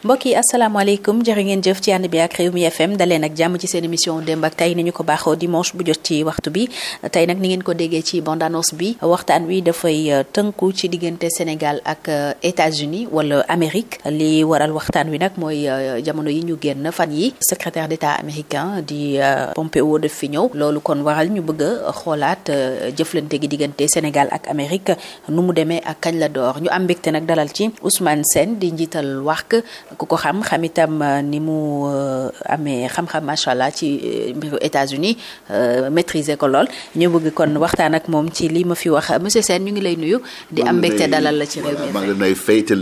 mbokk yi asalaamaaleykum jërë ngeen jëf ci ànd bi ak Rewmi FM daleen ak jàmm ci seen émission démb ak tey ni ñu ko baaxoo dimanche bu jot ci waxtu bi tey nag ni ngeen ko déggee ci bande annonce bi waxtaan wi dafay euh, tënku ci diggante Sénégal ak euh, États-Unis wala Amérique li waral waxtaan wi nag mooy euh, jamono yi ñu génn fan yi secrétaire d'État américain di Pompeo def fi ñëw loolu kon waral ñu bëgg a xoolaat jëflante gi diggante Sénégal ak Amérique nu mu demee ak kañ la door ñu am mbégte nag dalal ci Ousmane Sène di njiital ku ko xam xam itam euh, ni mu euh, amee xam-xam macha allah ci euh, mbiru États-Unis maîtriser ko lool ñu bëgg kon waxtaan ak moom ci lii ma fi wax monsieur Sène ñu ngi lay nuyu. di am mbégte dalal la ci réew mi. maa ngi lay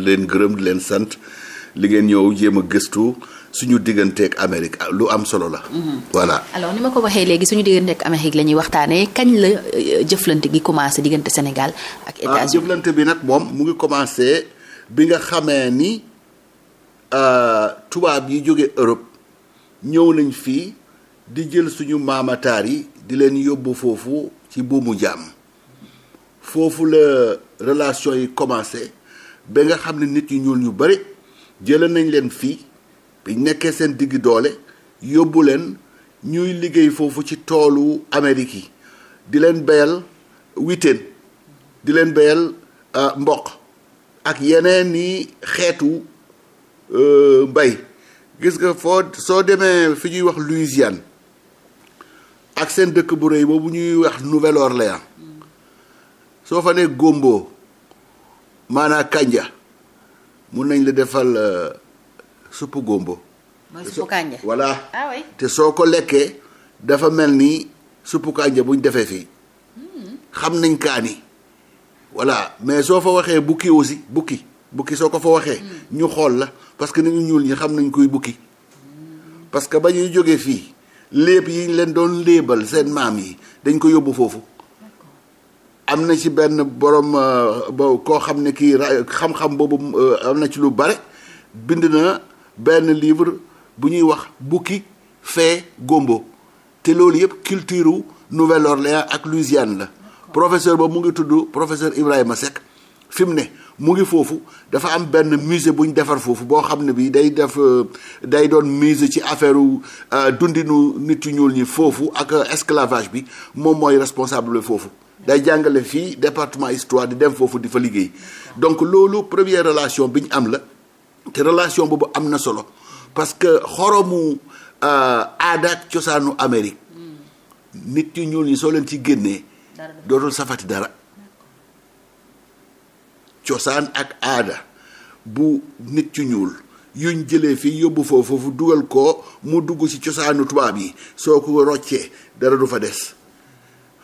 leen gërëm di leen sant li ngeen ñëw jéem a gëstu. suñu diggante Amérique ah, lu am solo la. Mm-hmm. voilà alors ni ma ko waxee léegi suñu digganteeg Amérique la ñuy waxtaanee kañ la jëflante gi commencé diggante Sénégal ak ah, États-Unis. jëflante bi nag moom mu ngi commencé Euh, tubaab yi jóge Europe ñëw nañ fii di jël suñu maamataar yi di leen yóbbu foofu ci buumu jaam foofu la relation yi commencé ba nga xam ne nit yu ñuul ñu bari jëla nañ leen fii biñ nekkee seen digg doole yóbbu leen ñuy liggéey foofu ci toolu Amérique yi di leen bayal witeen di leen béyal euh, mboq ak yeneen yi xeetu Euh, mbay gis nga foo soo demee fi ñuy wax Louisiane ak seen dëkk bu rëy boobu ñuy wax Nouvelle-Orléans soo fa nee gombo maanaa kànja mun nañ la defal euh, suppu gombo mooy suppu kanja voilà ah te soo ko lekkee dafa mel ni suppu kanja buñ defee fii hmm. xam nañ kaani voilà mais soo fa waxee bukki aussi bukki bukki soo ko fa waxee. ñu xool la parce que nit ñu ñuul ñi xam nañ koy bukki parce que ba ñuy jógee fii léeb yi ñu leen doon léebal seen maam yi dañ ko yóbbu foofu. am na ci benn borom euh, koo xam ne kii xam-xam boobu euh, am na ci lu bare bind na benn livre bu ñuy wax bukki fee gombo te loolu yëpp culture Nouvelle-Orléans ak Louisiane la professeur ba mu ngi tudd professeur Ibrahima Seck fi mu ne mu ngi foofu dafa am benn musée bu ñu defar foofu boo xam ne bi day def euh, day doon musée ci affaire euh, dundinu nit yu ñuul ñi foofu ak esclavage bi moom mooy responsable foofu day jàngale fii département histoire di dem foofu di fa liggéey donc loolu première relation bi am la te relation boobu am na solo parce que xoromu euh, aada ak cosaanu Amérique hmm. nit yu ñuul ñi soo leen ci génnee dootul safati dara cosaan ak aada bu nit ci ñuul yuñ jëlee fii yóbbu foofu foofu dugal ko mu dugg ci cosaanu tubaab yi soo ko roccee dara du fa des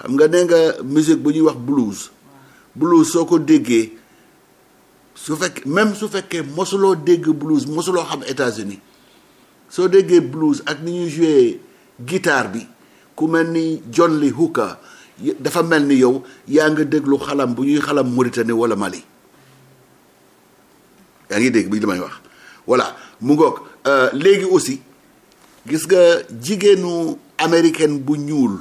xam nga nee nga musique bu ñuy wax blues blues soo ko déggee su fekk même su fekkee mosuloo dégg blues mosuloo xam États-Unis soo déggee blues ak ni ñuy joué guitare bi ku mel ni John Lee Hooker dafa mel ni yow yaa nga déglu xalam bu ñuy xalam Mauritanie walla Mali yaa ngi dégg bi li may wax voilà mu ngoog euh, léegi aussi gis nga jigéenu américaine bu ñuul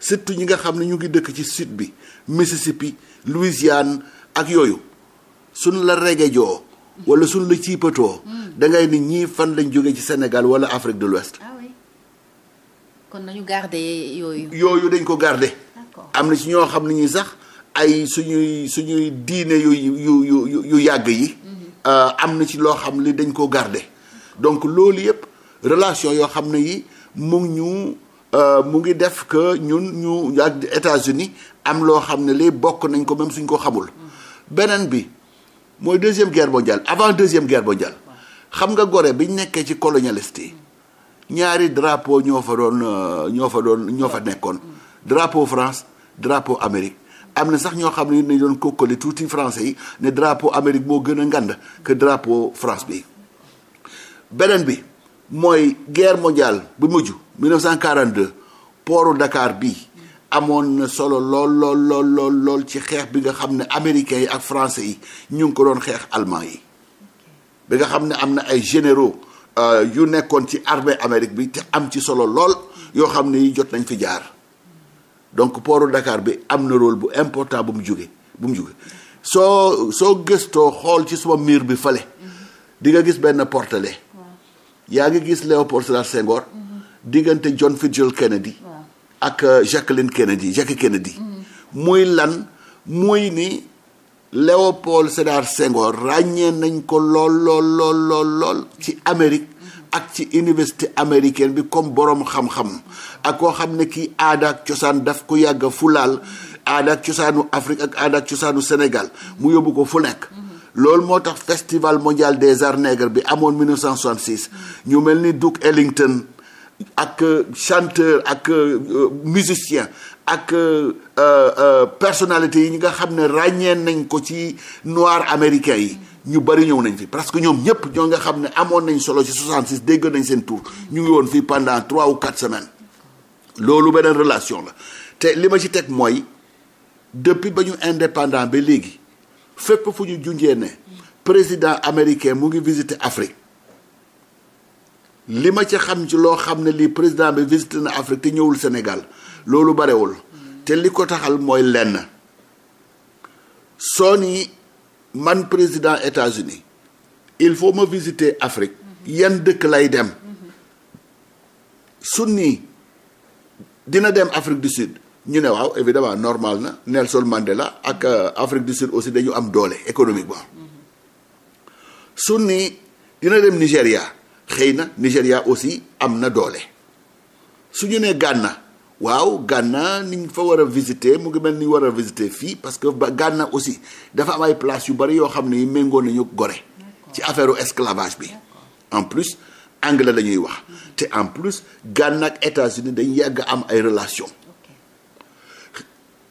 surtout ñi nga xam ne ñu ngi dëkk ci sud bi Mississippi Louisiane ak yooyu suñ la regejoo wala suñ la ciipatoo mm. da ngay ni ñii fan lañ jógee ci senegal wala Afrique de l'Ouest ah kon nañu garder yooyu. dañ ko garder. am na ci ñoo xam ne ñii sax ay suñuy suñuy diine yu yu yu yàgg yi euh, am na ci loo xam li dañ ko garde donc loolu yëpp relation yoo xam ne yi mu ñu euh, mu ngi def que ñun ñu ak États-Unis am loo xam ne li bokk nañ ko même suñ ko xamul beneen bi mooy deuxième guerre mondiale avant deuxième guerre mondiale xam nga gore biñ nekkee ci colonialiste yi ñaari drapo ñoo fa doon euh, ñoo fa doon ñoo fa nekkoon drapo France drapeau Amérique am na sax ñoo xam ne dañu doon kokkale tuuti français yi ne drapo Amérique boo gën a ngand que drapeau France bi beneen bi mooy guerre mondiale bu mujj 1942 pooru ndakaar bi amoon na solo lool lool lool lool ci xeex bi nga xam ne américains yi ak français yi ñu ngi ko doon xeex allemand yi bi nga xam ne am na ay généraux euh, yu nekkoon ci armée Amérique bi te am ci solo lool yoo xam ne yi jot nañ fi jaar donc pooru Dakar bi am na rôle bu important bu mu jóge bu mu jóge soo soo gëstoo xool ci suma mur bi fale di nga gis benn portele yaa ngi gis Léopold Sédar Senghor mhm. diggante John Fitzgerald Kennedy ak euh, Jacqueline Kennedy Jackie Kennedy mhm. muy lan muy ni Léopold Sédar Senghor ràññee nañ ko lool lool lool lool ci Amérique ak ci université américain bi comme boroom xam-xam ak koo xam ne kii aada ak cosaan daf ko yàgg fulaal aada ak cosaanu Afrique ak aada ak cosaanu Sénégal mu yóbbu ko fu nekk. loolu moo tax festival mondial des arts nègres bi amoon 1966 ñu mel ni Duke Ellington ak euh, chanteur ak euh, euh, musicien ak personnalité yi ñi nga xam ne ràññee nañ ko ci noir américain yi. ñu bari ñëw nañ fi parce que ñoom ñëpp ñoo nga xam ne amoon nañ solo ci 66 dégg nañ seen tour ñu ngi woon fii pendant 3 ou 4 semaines loolu beneen relation la te li ma ci teg mooy depuis ba ñu indépendant bi léegi fépp fu ñu junjee ne président américain mu ngi visiter Afrique li ma ci xam ci loo xam ne lii président bi visité na Afrique te ñëwul Sénégal loolu barewul te li ko taxal mooy lenn soo nii man président États-Unis il faut ma visiter Afrique yan dëkk lay dem sunni dina dem Afrique du Sud ñu ne waaw évidemment normal na Nelson Mandela ak euh, Afrique du Sud aussi dañu am doole économiquement sunni dina dem Nigéria xëy na Nigéria aussi am na doole su ñu nee Ghana waaw Ghana ni ñu fa war a visiter mu ngi mel ni war a visiter fii parce que ba Ghana aussi dafa am ay place yu bari yoo xam ne yi méngoo nañu gore ci affaire esclavage bi en plus anglais lañuy wax te en plus Ghana ak États-Unis dañ yàgg am ay relation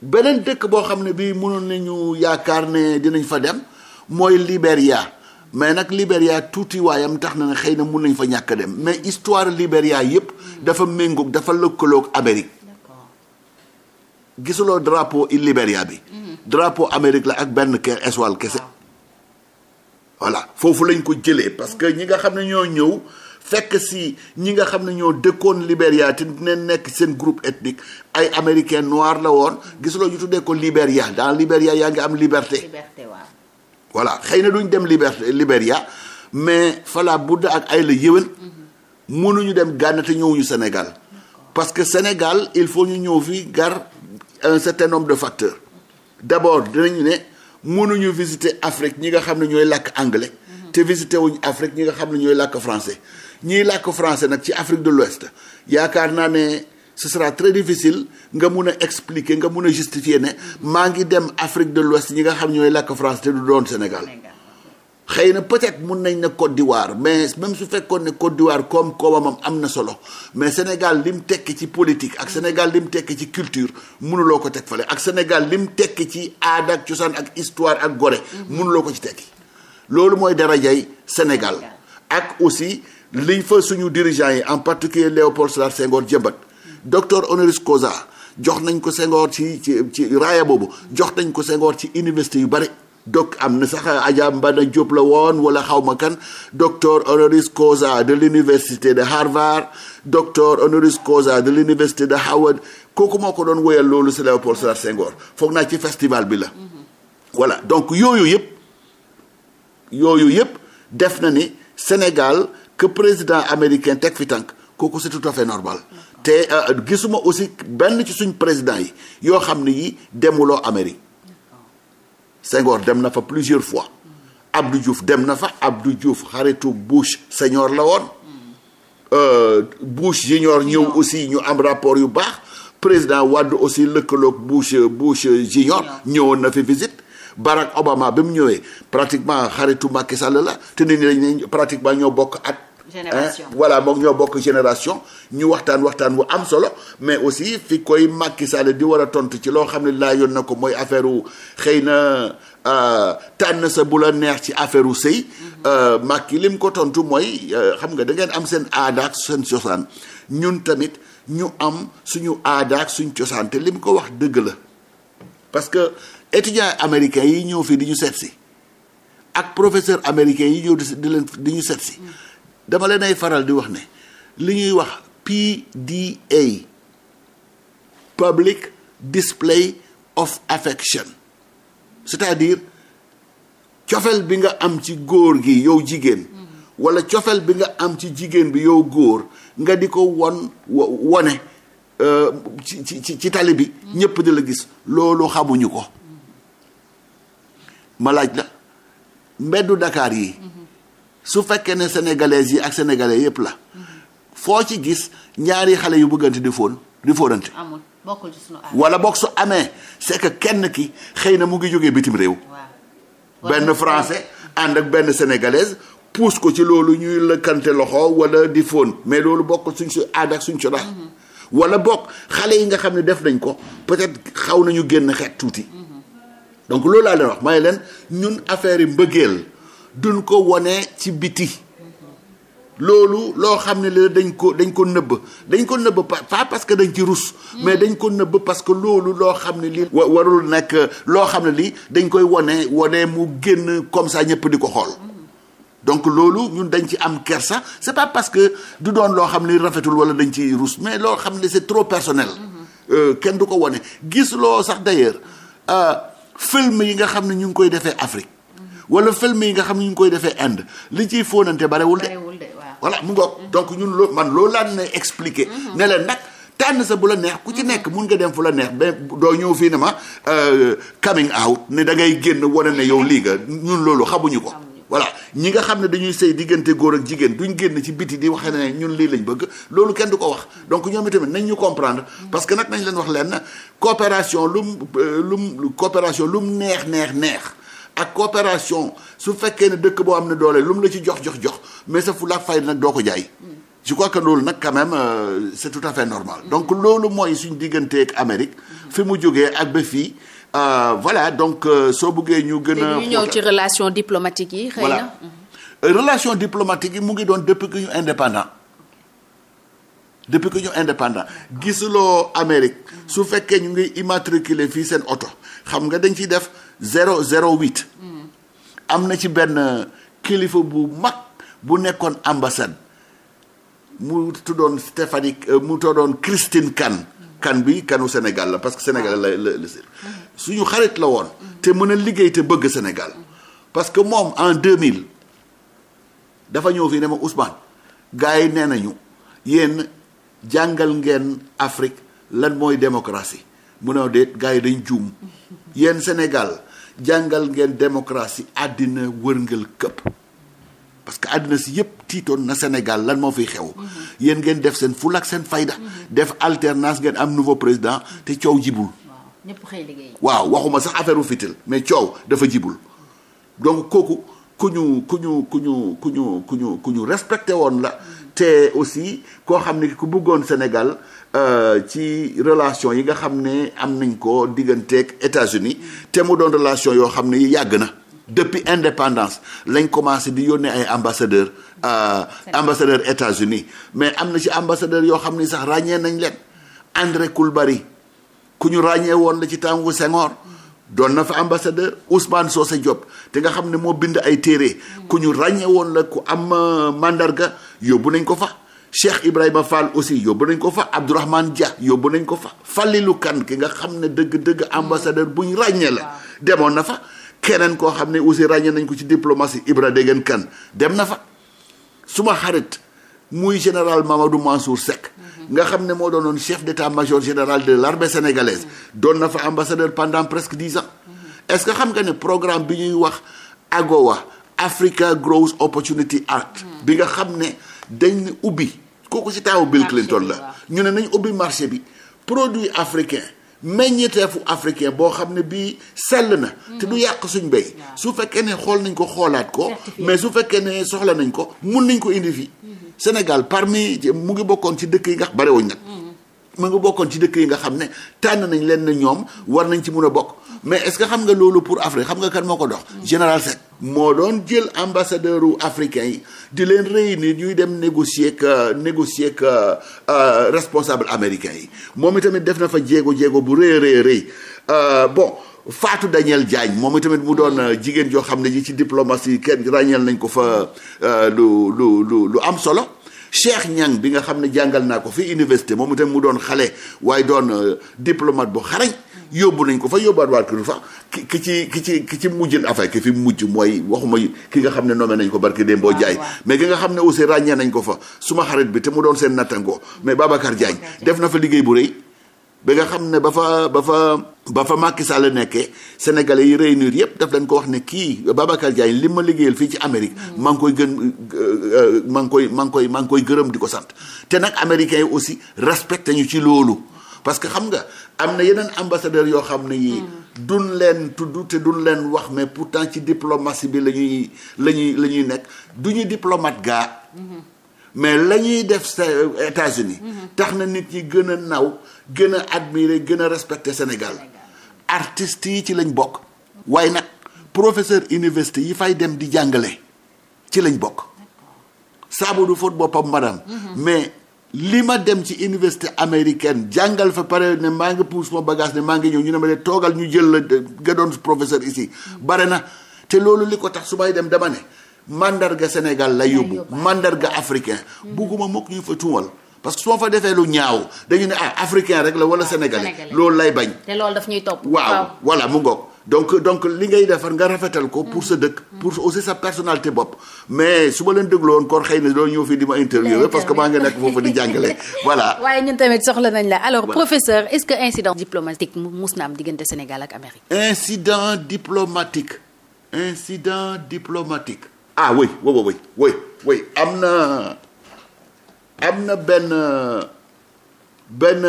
beneen dëkk boo xam ne bii mënoon nañu yaakaar ne dinañ fa dem mooy Libéria mais nag Libéria tuuti waayam tax na xëy na mun nañ fa ñàkk dem mais histoire Libéria yépp dafa méngoog dafa lëkkaloog Amérique gisuloo drapeau Libéria bi. Mhm. drapo Amérique la ak benn kër étoile kese. voilà foofu lañ ko jëlee parce que ñi nga xam ne ñoo ñëw fekk si ñi nga xam ne ñoo dëkkoon Libéria te ne nekk seen group ethnique ay américain noir la woon mhm. gisuloo ñu tuddee ko Libéria dans Libéria yaa ngi am liberté. liberté waaw. voilà xëy na duñ dem liberté Libéria mais fala budda ak ay la yéwén. Mhm. mënuñu dem Gànna te ñëwuñu Sénégal. parce que Sénégal il faut ñu ñëw fii gar. un certain nombre de facteurs d' abord dinañu ne mënuñu visiter Afrique ñi nga xam ne ñooy làkk anglais mhm. te visité wuñ Afrique ñi nga xam ne ñooy làkk français ñiy làkk français nag ci Afrique de l'Ouest yaakaar naa ne ce sera très difficile nga mun a expliquer nga mun a justifier ne mhm. maa ngi dem Afrique de l'Ouest ñi nga xam ñooy làkk français te du doon Sénégal xëy na peut-être mun nañ ne Côte d'Ivoire mais même su fekkoon ne Côte d'Ivoire comme koomamam am na solo mais Sénégal lim tekki ci politique ak Sénégal lim tekki ci culture mënuloo ko teg fale ak Sénégal lim tekki ci aada ak cosaan ak istoire ak gore mënuloo mhm. ko ci tekki loolu mooy dara darajay Sénégal ak aussi liñ fa suñu dirigeants yi en particulier Léopold Sédar séngoor jëmbat docteur honoris causa jox nañ ko Senghor ci ci ci raaya boobu jox nañ ko Senghor ci université yu bari donc am na sax Adja Mbana Diop la woon wala xawma kan docteur honoris causa de l'université de Harvard docteur honoris causa de l'université de Howard kooku moo ko doon woyal loolu si Léopold Sédar Senghor foog naa ci festival bi la. Mm-hmm. voilà donc yooyu yëpp yooyu yëpp def na ni Sénégal que président américain teg fi tànk kooku c'est tout fait normal. te euh, gisuma aussi benn ci suñ président yi yoo xam ne yi demuloo Amérique. Senghor dem na fa plusieurs fois Abdou Diouf dem na fa du Diouf xaritu Bush senior la woon Bush junior ñëw aussi ñu am rapport yu baax président Wade aussi lëkkaloog Bush Bush junior ñëwoon na fi visite Barack Obama bi mu ñëwee pratiquement xaritu Macky Sall la te nit ñi pratiquement ñoo bokk ak génération voilà moom ñoo bokk génération ñu waxtaan waxtaan wu am solo mais aussi fi koy Macky Sall di war a tontu ci loo xam ne laa yoon na ko mooy affaire xëy na euh, tànn sa bu la neex ci affaire wu sëy mm-hmm. euh, Macky lim ko tontu mooy euh, xam nga da am seen aada ak seen cosaan ñun tamit ñu am suñu aada ak suñ cosaan te lim ko wax dëgg la parce que étudiants américains yi ñëw fii di ñu seet si ak professeur américain yi ñëw di di leen di ñu seet si mm-hmm. dama leen ay faral di wax ne li ñuy wax PDA public display of affection c'est-à-dire cofeel bi nga am ci góor gi yow jigéen walla cofeel bi nga am ci jigéen bi yow góor nga di ko won wone euh, ci ci ci tali bi ñépp di la gis loolu xamuñu ko malaaj laaj la mbeddu Dakar yi su fekkee ne sénégalaises yi ak sénégalais yëpp la foo ci gis ñaari xale yu bëggante di fóon di fóonante amul bokkul ci wala bokk su amee c'est kenn ki xëy na mu ngi jógee bitim réew. benn français ànd ak benn sénégalaise pousse ko ci loolu ñuy lëkkante loxo wala di fóon mais loolu bokk suñ su aada ak suñ su dax mm-hmm. wala bokk xale yi nga xam ne def nañ ko peut-être xaw nañu génn xeet tuuti. Mm-hmm. donc loolu laa leen wax may leen ñun affaire yi mbëggeel. duñ ko wone ci biti loolu loo xam ne la dañ ko dañ ko nëbb dañ ko nëbb pas parce que dañ ci rus mais dañ ko nëbb parce que loolu loo xam ne lii warul nekk loo xam ne lii dañ koy wone wone mu génn comme ça ñëpp di ko xool donc loolu ñun dañ ci am kersa c'est pas parce que du doon loo xam ni rafetul wala dañ ci rus mais loo xam ne c'est trop personnel euh, kenn du ko wone gis loo sax d'ailleurs euh, film yi nga xam ne ñu ngi koy defee Afrique wala film yi nga xam ne ñu koy defee Inde li ci fonante barewul de. barewul de mu ngoog donc ñun loo man loolu laa ne expliquer. Mhm. ne leen nag tànn sa bu la neex. ku ci mhm. nekk mun nga dem fu la neex ba doo ñëw fii ne ma euh, coming out ne da ngay génn wane ne yow lii nga ñun loolu xamuñu ko. voilà ñi nga xam ne dañuy sëy diggante góor ak jigéen duñ génn ci biti di wax ne ñun lii lañ bëgg loolu kenn du ko wax donc ñoom itamit nañ ñu comprendre mhm. parce que nag nañ leen wax leen coopération lum euh, lum coopération lum neex neex neex. ak coopération su fekkee ne dëkk boo am ne doole lu la ci jox jox jox mais sa fu la fay nag doo ko jaay. Mm. je crois que loolu nag quand même euh, c'est tout à fait normal mm. donc loolu mooy suñu diggante Amérique mm. fi mu jógee ak ba fii. Euh, voilà donc euh, soo buggee ñu gën a. ci relation diplomatique yi. xëy na voilà mm-hmm. euh, relation diplomatique yi mu ngi doon depuis que ñu indépendant depuis que ñu indépendant gisuloo Amérique mm-hmm. su fekkee ñu ngi immatriculé fii seen oto xam nga dañ ciy def. zéro zéro huit am na ci benn kilifa bu mag bu nekkoon ambassade mu tuddoon Stéphanie euh, mu tuddoon Christine Kane kan bi kanu senegal la parce que Sénégal la la la suñu xarit la woon te mën a liggéey te bëgg senegal parce que moom en 2000 dafa ñëw fii ne ma Ousmane gars yi nee nañu yéen jàngal ngeen Afrique lan mooy démocratie mu ne déet gars yi dañ juum yéen Sénégal jàngal ngeen démocratie àddina wërngal këpp parce que àddina si yëpp tiitoon na Sénégal lan moo fiy xew. Mhm. yéen ngeen def seen ful ak seen fayda. Mhm. def alternance ngeen am nouveau président te coow jibul. waaw ñëpp xëy liggéey. waaw waxuma sax affaire u fitil mais coow dafa jibul donc kooku ku ñu ku ñu ku ñu ku ñu ku ñu ku ñu respecté woon la. Mhm. te aussi koo xam ne ku bëggoon Sénégal Euh, ci relation yi nga xam ne am nañ ko digganteeg États-Unis te mu doon relation yoo xam ne yi yàgg na depuis indépendance lañ commencé di yónnee ay ambassadeur euh, ambassadeur États-Unis mais am na ci ambassadeur yoo xam ne sax ràññee nañ leen André bari ku ñu ràññee woon la ci tàngu Senghor doon na fa ambassadeur Ousmane Socé Diop te nga xam ne moo bind ay téere mm. ku ñu ràññee woon la ku am euh, mandarga yóbbu nañ ko fa Cheikh Ibrahima Fall aussi yóbbu nañ ko fa Abdourahmane Dia yóbbu nañ ko fa Fallilu Kan ki nga xam ne dëgg-dëgg ambassadeur buñ ràññee la demoon na fa keneen koo xam ne aussi ràññee nañ ko ci diplomatie Ibra Degen Kan dem na fa suma xarit muy général Mamadou Mansour Seck nga xam ne moo doonoon chef d'état-major général de l'armée sénégalaise doon na fa ambassadeur pendant presque dix ans est-ce que xam nga ne programme bi ñuy wax AGOA Africa Growth Opportunity Act bi nga xam ne dañ ubbi kooku ci taawu Bill Clinton la ñu ne nañu ubbi marché bi produit africain meññeteefu africain boo xam ne bii sell na te du yàq suñ béy su fekkee ne xool nañ ko xoolaat ko mais su fekkee ne soxla nañ ko mun nañ ko indi fii mhm. Sénégal parmi mu ngi bokkoon ci dëkk yi nga bariwuñ nag mhm. mu ngi bokkoon ci dëkk yi nga xam ne tànn nañ leen ne ñoom war nañ ci mun a bokk mais est-ce que xam nga loolu pour Afrique xam nga kan moo ko dox. général Seck moo doon jël ambassadeur u africain yi di leen rëy réunir ñuy dem négocier ak négocier ak euh, responsable américain yi moom itamit def na fa jéego jéego bu rëy rëy rëy euh, bon. Fatou Daniel Diagne moom itamit mu doon euh, jigéen joo xam ne ji ci diplomatie kenn ràññeel nañ ko fa lu lu lu lu am solo. Cheikh Niang bi nga xam ne jàngal naa ko fii université moom itam mu doon xale waaye doon euh, diplomate bu xarañ yóbbu nañ ko fa yóbbaat waat ko fa ki ki ci ki ci ki ci mujjin affaire ki fi mujj mooy waxuma ki nga xam ne nommé nañ ko barki Dembo ah, Ndiaye mais ki nga xam ne aussi ràññee nañ ko fa suma xarit bi te mu doon seen nattangoo mm. mais Babacar Diagne def na fa liggéey bu rëy bi nga xam ne ba fa ba fa ba fa Macky Sall nekkee sénégalais yi réunir yëpp daf leen ko wax ne kii Babacar Diagne li ma liggéeyal fii ci Amérique mm. maa ngi koy gën euh, euh, maa ngi koy maa koy maa koy gërëm di ko sant te nag américains yi aussi respecté ñu ci loolu parce que xam nga am na yeneen ambassadeur yoo xam ne yii mm. duñ leen tudd te du leen wax mais pour temps ci diplomatie bi la ñuy la ñuy la ñuy nekk du ñuy diplomat gaa mm-hmm. mais la ñuy def euh, États-Unis mm-hmm. tax na nit ñi gën a naw gën a admirer gën a respecter Sénégal artist yi ci lañ bokk waaye nag professeur université yi fay dem di jàngale ci lañ bokk saabu du foot boppam madame mais li ma dem ci université américaine jàngal fa pare ne maa ngi pousse ma bagage ne maa ngi ñëw ñu ne ma de toogal ñu jël la nga doon professeur ici mhm. bare na te loolu li ko tax su may dem dama ne mandarga Sénégal lay yóbbu mandarga ah. africain mhm. bugguma mokk ñu fa tuumal parce que soo fa defee lu ñaaw dañu ne ah africain rek la wala ah, sénégalais loolu lay bañ. te loolu daf ñuy topp. waaw voilà mu ngoog donc donc li ngay defar nga rafetal ko. pour mm. sa dëkk mm. pour aussi sa personnalité bopp. mais su ma leen déglu woon kon xëy na loolu ñëw fii di ma interviewer parce que maa ngi nekk foofu di jàngale voilà. waaye ñun tamit soxla nañ la alors professeur est-ce que incident diplomatique mus na am diggante Sénégal ak Amérique. i diplomatique incident diplomatique. ah oui na. am na benn benn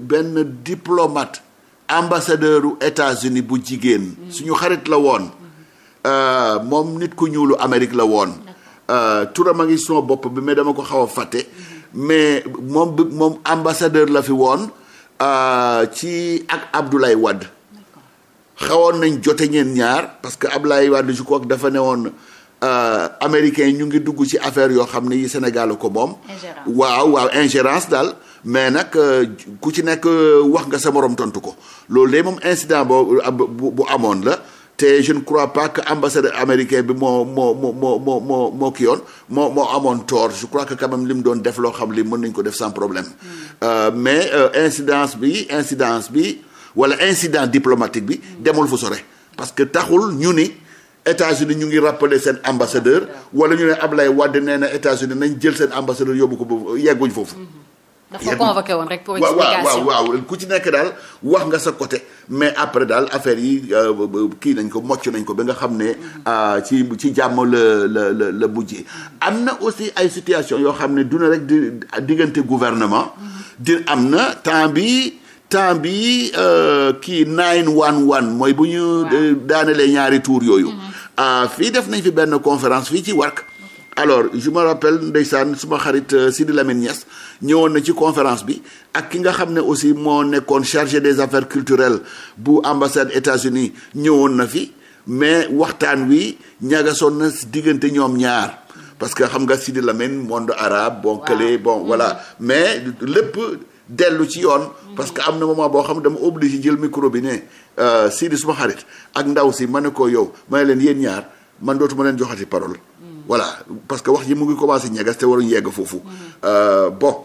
benn diplomate ambassadeur u États-Unis bu jigéen mm-hmm. suñu xarit la woon mm-hmm. euh, moom nit ku ñuulu Amérique la woon euh, turam a ngi suma bopp bi mais dama ko xaw a fàtte mm-hmm. mais moom bi moom ambassadeur la fi woon euh, ci ak Abdoulaye Wade xawoon nañ jote ñeen ñaar parce que Abdoulaye Wade je crois dafa ne woon Euh, américain ñu ngi dugg ci affaire yoo xam ne yi Sénégal ko moom. waaw waaw ingérence daal. mais nag euh, ku ci nekk euh, wax nga sa morom tontu ko loolu de moom incident boo bu amoon la te je crois pas que ambassadeur américain bi moo moo moo moo moo moo ki yoon moo moo amoon tort je crois que quand même li mu doon def loo xam li mën nañ ko def sans problème. Hmm. mais incidence bi incidence bi wala incident diplomatique bi demul fu sore parce que taxul ñu ni. états ñu ngi rappeler seen ambassadeur wala ñu ne Ablaye Wade nee na États-Unis nañ jël seen ambassadeur yóbbu ko boobu yegguñ foofu. Mm-hmm. dafa convoqué waaw waaw ku ci nekk daal wax nga sa côté mais après daal affaire yi euh, kii nañ ko mocc nañ ko ba nga xam ne mm-hmm. ah, ci ci jàmm la la la mujjee mm-hmm. am na aussi ay situation yoo xam ne du na rek di diggante gouvernement di am na temps bi temps bi euh, kii 911 mooy bu ñu euh, daanelee ñaari tour yooyu fii def nañ fi benn conférence fii ci wark alors je me rappelle ndeysaan suma xarit euh, Sidi Lamine Niass ñëwoon na ci conférence bi ak ki nga xam ne aussi moo nekkoon chargé des affaires culturelles bu ambassade États-Unis ñëwoon na fi mais waxtaan wi ñagasoon na diggante ñoom ñaar parce que xam nga Sidi Lamine monde arabe bon kële bon voilà mm-hmm. mais lépp dellu ci yoon parce que am na moment boo xam dama obligé jël micro bi ne euh, Sidi suma xarit ak ndaw si ma ne ko yow ma ne leen yéen ñaar man dootuma leen joxati parole mm. voilà parce que wax yi mu ngi commencé ñegas te waruñu yegg foofu mm. euh, bon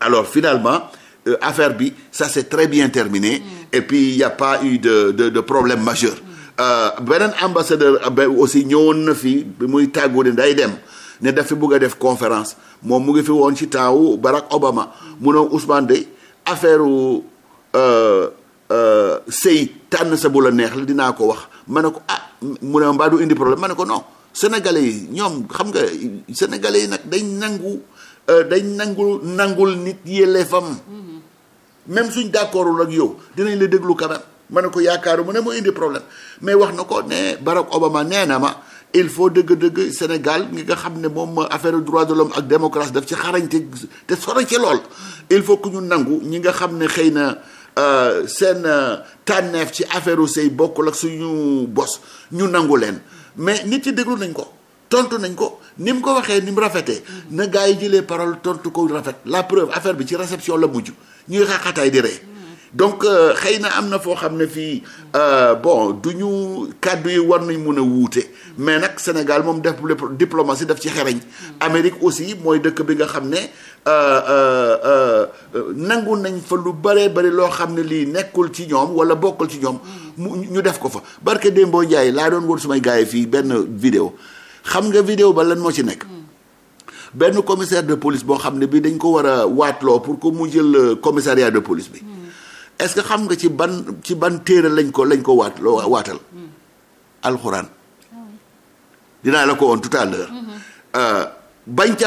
alors finalement euh, affaire bi ça s'est très bien terminé mm. et puis il y a pas eu de de de problème majeur beneen ambassadeur aussi ñëwoon na fii bi muy tàggoo ne nday dem ne daf fi bugg a def conférence moom mu ngi fi woon ci taawu Barack Obama mu ne Ousmane de affaire euh, euh, sëy tànn sa bu la neex la dinaa ko wax ma ne ko ah mu ne indi problème ma ne ko non sénégalais yi ñoom xam nga sénégalais yi nag dañ nangu euh, dañ nangul nangul nit yelleefam même suñ d'accordul ak yow dinañ la déglu quand ma ne ko yaakaaru mu ne mu indi problème mais wax na ko ne Barack Obama nee na ma il faut dëgg-dëgg Sénégal ngi nga xam ne moom affaire droit de l'homme ak démocratie daf ci xarañte te sore ci lool il faut que ñu nangu ñi nga xam ne xëy na euh, seen euh, tànneef ci affaire u sëy bokkul ak suñu bos ñu nangu leen mais nit ci déglu nañ ko tontu nañ ko ni mu ko waxee ni mu rafetee na gars yi jëlee parole tontu ko rafet la preuve affaire bi ci réception la mujj ñuy xaaxaataay di ree donc euh, xëy na am na foo xam ne fii euh, bon du ñu kàddu yi war nañ mun a wuute mais nag Sénégal moom def diplomatie daf ci xereñ Amérique aussi mooy dëkk bi nga xam ne euh, nangu nañ fa lu bëree bëri loo xam ne lii nekkul ci ñoom wala bokkul ci ñoom ñu def ko fa barke Dembo Ndiaye laa doon woon sumay gars yi fii benn vidéo xam nga vidéo ba lan moo ci nekk hmm. benn commissaire de police boo xam ne bi dañ ko war a waatloo pour ko mu jël commissariat de police bi hmm. est-ce que xam nga ci ban ci ban téere lañ ko lañ ko waat waatal alxuraan dinaa la ko woon tout à mhm. euh,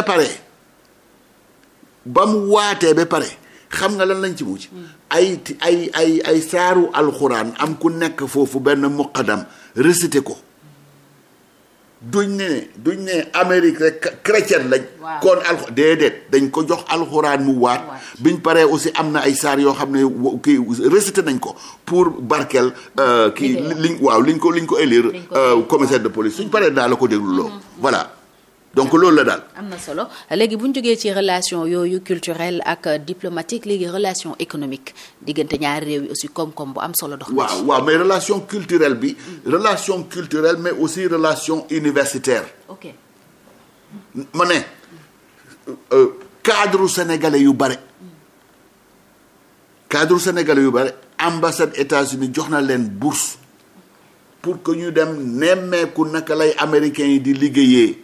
pare ba mu waatee ba pare xam nga lan lañ ci mucc mhm. ay ay ay ay saaru alxuraan am ku nekk foofu benn muqaddam récité ko duñ ne duñ ne Amérique rek chrétienne lañ. kon alxu déedéet dañ ko jox alxuraan mu waat. biñ paree aussi am na ay saar yoo xam ne kii récité nañ ko pour barkeel. Euh, kii liñ waaw liñ ko liñ ko élire. Euh, commissaire de police suñ paree daal la ko déglu loo mm-hmm. voilà. donc loolu la daal. am na solo léegi bu ñu jógee ci relation yooyu culturel ak diplomatique léegi relation économique diggante ñaari réew yi aussi koom-koom bu am solo. dox waaw waaw mais relation culturelle bi. relation culturelle mais aussi relation universitaire. ok ma ne euh, cadre sénégalais yu bare. cadre sénégalais yu bare ambassade États-Unis jox na leen bourse pour que ñu dem nemmeeku naka lay américains yi di liggéeyee.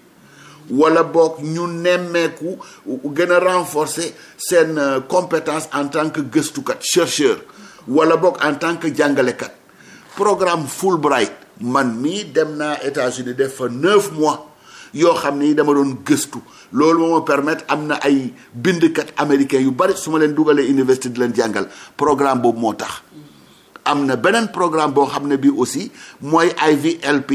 wala boog ñu nemmeeku gën a renforce seen euh, compétence en tant que gëstukat chercheur wala boog en tant que jàngalekat programme Fulbright man mii dem naa États-Unis def fa neuf mois yoo xam ne ni dama doon gëstu loolu moo ma permettre am na ay bindkat américains yu bari su ma leen dugalee université di leen jàngal programme boobu moo tax am na beneen programme boo xam ne bii aussi mooy IVLP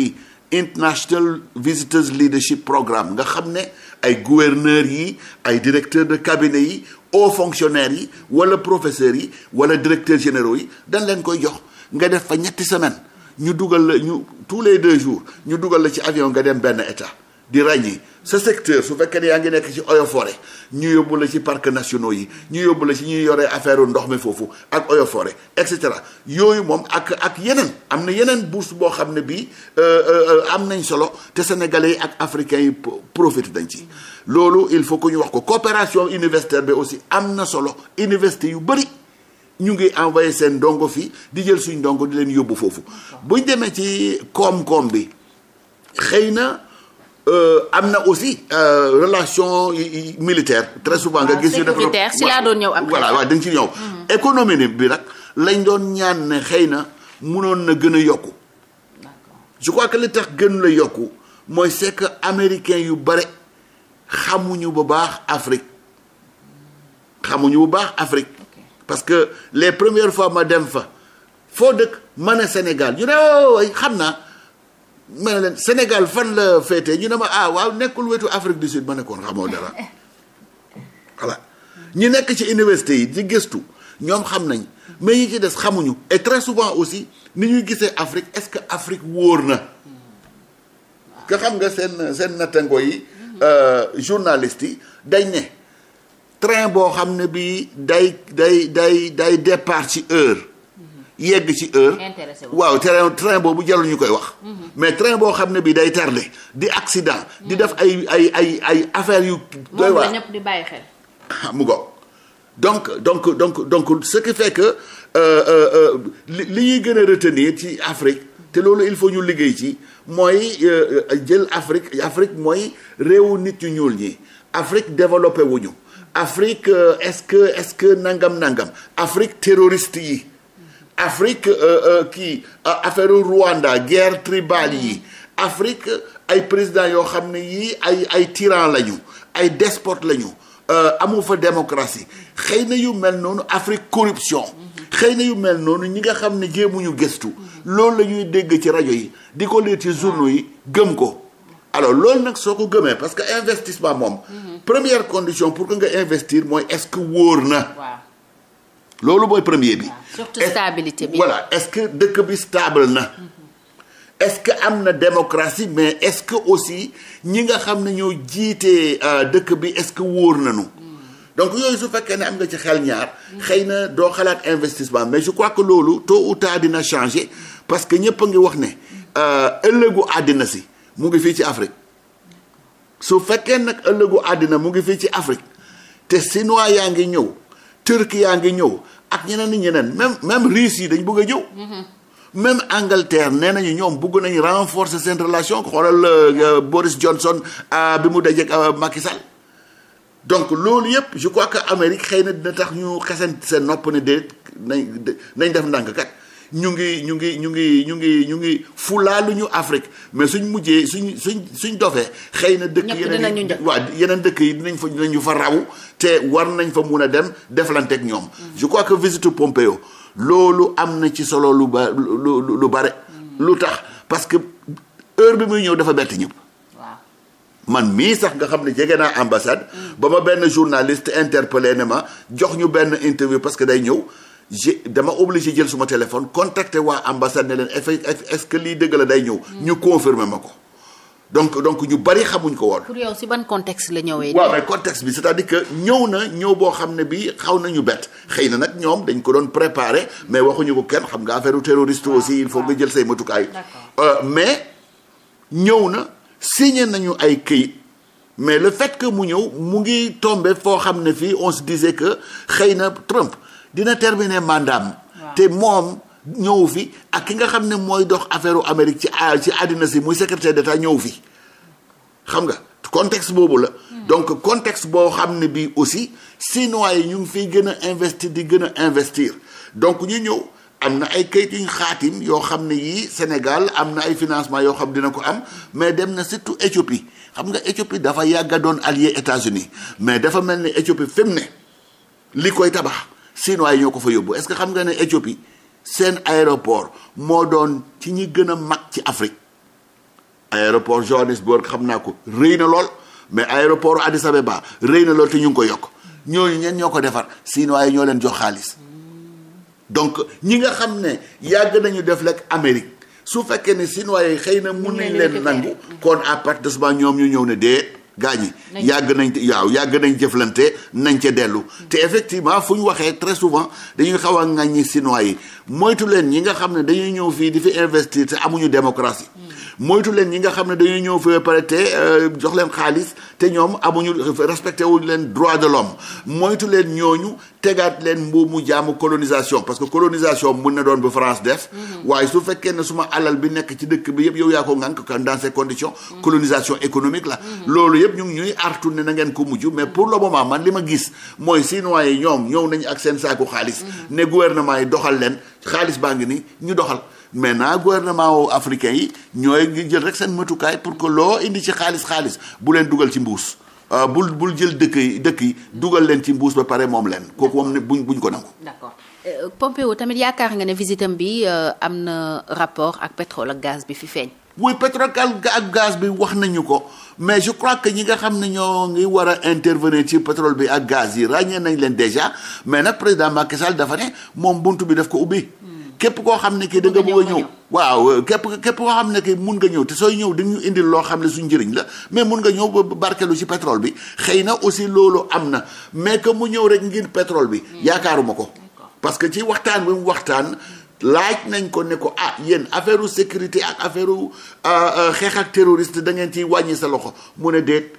international visitors leadership programme nga xam ne ay gouverneur yi ay directeurs de cabinet yi hauts fonctionnaires yi wala professeurs yi wala directeurs généraux yi dañ leen koy jox nga def fa ñetti semaine ñu dugal la ñu tous les deux jours ñu dugal la ci avion nga dem benn état di ràññee sa secteur su fekkee ne yaa ngi nekk ci Eaux et ñu yóbbu la ci parcs nationaux yi ñu yóbbu la ci ñu yoree affaire ndox mi foofu ak Eaux et Forêts cetera yooyu moom ak ak yeneen am na yeneen bourse boo xam ne bii euh, euh, am nañ solo te sénégalais yi ak africains yi profité dañ ci. loolu il faut que ñu wax ko coopération universitaire bi aussi am na solo université yu bëri. ñu ngi envoyé seen ndongo fii di jël suñ ndongo di leen yóbbu foofu buñ demee ci koom-koom bi xëy na Euh, am na aussi euh, relation militaire très souvent nga ah, gis ñu def militaire si laa doon ñëw après voilà waaw da nga ci ñëw mm-hmm. économie bi nag lañ doon ñaan ne xëy na mënoon na gën a yokku je crois que li tax gën la yokku mooy c'est que américain yu bare xamuñu bu baax Afrique xamuñu bu baax Afrique parce que les premières fois ma dem fa foo dëkk ma ne Sénégal ñu ne way oh, xam naa ma ne leen Sénégal fan la féetee ñu ne ma ah waaw nekkul wetu Afrique du Sud ma nekkoon xamoo dara voilà ñi nekk ci université yi di gëstu ñoom xam nañ mais ñi ci des xamuñu et très souvent aussi ni ñuy gisee Afrique est-ce que Afrique wóor na nga xam nga seen seen nattango yi mm-hmm. euh, journalistes yi dañ ne train boo xam ne bii day day day day départ ci heure yegg ci heure. waaw train train boobu jarul ñu koy wax. Mhm. mais train boo xam ne bii day tardé di accident. di def ay ay ay ay affaires yu. doy waar moom la ñëpp di bàyyi xel. mu goog donc donc donc donc ce qui fait que euh, euh, euh, li li ñuy gën a retenir ci Afrique te loolu il faut ñu liggéey ci mooy jël Afrique Afrique mooy réewu nit ñu ñuul ñi Afrique développé wuñu Afrique est-ce que est-ce que nangam nangam Afrique terroriste yi. Afrique kii euh, euh, euh, affaire Rwanda guerre tribale yi Afrique ay président yoo xam ne yii ay ay tyran lañu ay despote lañu amu fa démocratie xëy na yu mel noonu Afrique corruption xëy na yu mel noonu ñi nga xam ne jéemuñu gëstu loolu la ñuy dégg ci rajo yi di ko lire ci journaux yi gëm ko alors loolu nag soo ko gëmee parce que investissement moom mhm. première condition pour que nga investir mooy est-ce que wóor na loolu mooy premier bi. Ah, surtout stabilité bi voilà est-ce que dëkk bi stable na. est-ce que am na démocratie mais est-ce que aussi ñi nga xam ne ñoo jiite euh, dëkk bi est-ce que wóor nañu. donc yooyu su fekkee ne am nga ci xel ñaar. xëy na doo xalaat investissement mais je crois que loolu tôt ou tard dina changer parce que ñëpp a ngi wax ne euh, ëllëgu àddina si mu ngi fii ci Afrique su fekkee nag ëllëgu àddina mu ngi fii ci Afrique te Sinoa yaa ngi ñëw. turc yaa ngi ñëw ak ñeneen ni ñeneen même même russe yi dañ bëgg a jëw mm-hmm. même Angleterre nee nañu ñoom bëgg nañu renforcer seen relation xoolal euh, euh, Boris Johnson euh, bi mu dajeek Macky Sall donc loolu yëpp je crois que Amérique xëy na dina tax ñu xesen seen nopp ne déet nañ nañ def ndànk kat ñu ngi ñu ngi ñu ngi ñu ngi ñu ngi lu ñu Afrique mais suñ mujjee suñ suñ suñ dofee xëy na dëkk yeneen waaw yeneen dëkk yi dinañ fa dinañu fa raw te war nañ fa mun a dem deflante ak ñoom mm. je crois que visite Pompeo loolu am na ci solo lu ba lu lu bare mm. lu tax parce que heure bi muy ñëw dafa bett ñëpp man mii sax nga xam ne jege naa ambassade mm. ba ma benn journaliste interpellé ne ma jox ñu benn interview parce que day ñëw j' dama obligé jël suma téléphone contacter waa ambassade ne leen est-ce que lii dëgg la day ñëw. ñu confirmer ma ko. donc donc ñu bari xamuñ ko woon. pour yow si ban contexte la ñëwee. waaw mais contexte bi cest à di que ñëw na ñëw boo xam ne bi xaw nañu bett xëy na nag ñoom dañ ko doon préparer mais waxuñu ko kenn xam nga affaire terroriste ah, aussi il faut nga ah. jël say matukaay. Euh, mais ñëw na signé nañu ay këyit mais la fekk mu ñëw mu ngi tombe foo xam ne fii on se disait que xëy na Trump. dina terminer mandaam te moom ñëw fi ak ki nga xam ne mooy dox affaire Amérique ci ci àddina si muy secrétaire d'état ñëw fi xam nga contexte boobu la. Hmm. donc contexte boo xam ne bii aussi chinois yi ñu ngi fiy gën a investir di gën a investir donc ñu ñëw am na ay kayit yu ñu xaatim yoo xam ne yii Sénégal am na ay financement yoo xam dina ko am mais dem na surtout Éthiopie xam nga Éthiopie dafa yàgga doon allié États-Unis mais dafa mel ne Éthiopie fi mu ne koy tabax. Chinois yi ñoo ko fa yóbbu est-ce que xam nga ne Éthiopie seen aéroport moo doon ci ñi gën a mag ci Afrique aéroport Johannesburg xam naa ko rëy na lool mais aéroport Addis Abeba rëy na lool te ñu ngi ko yokk ñooñu ñen ñoo ko defar Chinois yi ñoo leen jox xaalis donc ñi nga xam ne yàgg nañu def lekk Amérique su fekkee ne Chinois yi xëy na mu nañ leen nangu kon à partir de ce ñoom ñu ñëw ne dee. gaa ñi yàgg nañ waaw yàgg nañ jëflante nañ ca dellu hmm. te effectivement fu ñu waxee très souvent dañuy xaw a ŋàññi chinois yi moytu leen ñi nga xam ne dañuy ñëw fii di fi investir te amuñu démocratie hmm. moytu leen ñi nga xam ne dañu ñëw fi pare te euh, jox leen xaalis te ñoom amuñu respecté wuñu leen droit de l'homme moytu leen ñooñu tegaat leen mboomu jaamu colonisation parce que colonisation mun na doon bu France def mhm. waaye su fekkee ne suma alal bi nekk ci dëkk bi yëpp yow yaa ko ngànk kan dans ces conditions mhm. colonisation économique la mhm. loolu yëpp ñu ñuy artu ne na ngeen ko mujj mais pour le man li ma gis mooy chinois yi ñoom ñëw nañu ak seen saaku xaalis ne gouvernement yi doxal leen xaalis baa ngi ñu doxal mais maintenant gouvernement wu africain yi ñooy ngi jël rek seen matukaay pour que loo indi ci xaalis xaalis bu leen dugal ci mbuus euh, bul bul jël dëkk yi dëkk yi dugal leen ci mbuus ba pare moom leen kooku moom ne buñ buñ ko nangu. d'accord euh, Pompeo tamit yaakaar nga ne visitam bi euh, am na rapport ak pétrole ak gaz bi fi feeñ. oui pétrole ak gaz bi wax nañu ko mais je crois que ñi nga xam ne ñoo ngi war a intervenir ci pétrole bi ak gaz yi ràññee nañ leen déjà mais nag président Macky Sall dafa moom buntu bi daf ko ubbi. képp koo xam ne kii da nga ñëw waaw euh, képp képp koo xam ne kii mun nga ñëw te sooy ñëw dañu indi loo xam ne suñ njëriñ la mais mun nga ñëw ba barkelu ci pétrole bi xëy na aussi loolu am na mais que mu ñëw rek ngir pétrole bi hmm. yaakaaruma ko parce que ci waxtaan bi mu waxtaan laaj nañ ko ne ko ah yéen affaire sécurité ak affaire euh, euh, xeex ak terroriste da ngeen ciy wàññi sa loxo mu ne déet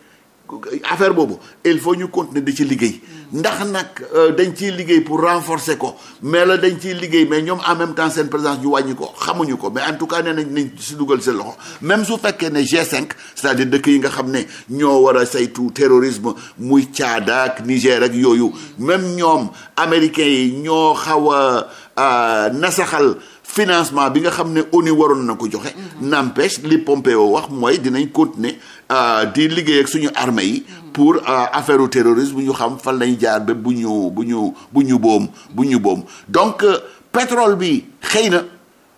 affaire boobu il faut ñu continuer di ci liggéey. ndax nag euh, dañ ciy liggéey pour renforcer ko mais la dañ ciy liggéey mais ñoom en même temps seen présence ñu wàññi ko xamuñu ko mais en tout cas nee nañ nañ si dugal seen loxo même su fekkee ne G5 c'est-à-dire dëkk yi nga xam ne ñoo war a saytu terrorisme muy Tchad ak Niger ak yooyu même ñoom américains yi ñoo xaw a euh, nasaxal. financement bi nga xam ne ONU waroon na ko joxe. n'empêche li Pompeo wax mooy dinañ continuer euh, di liggéey ak suñu armée yi. pour euh, affaire terrorisme bu ñu xam fan lañ jaar ba bu ñu bu ñu bu ñu boom bu ñu boom donc euh, pétrole bi xëy na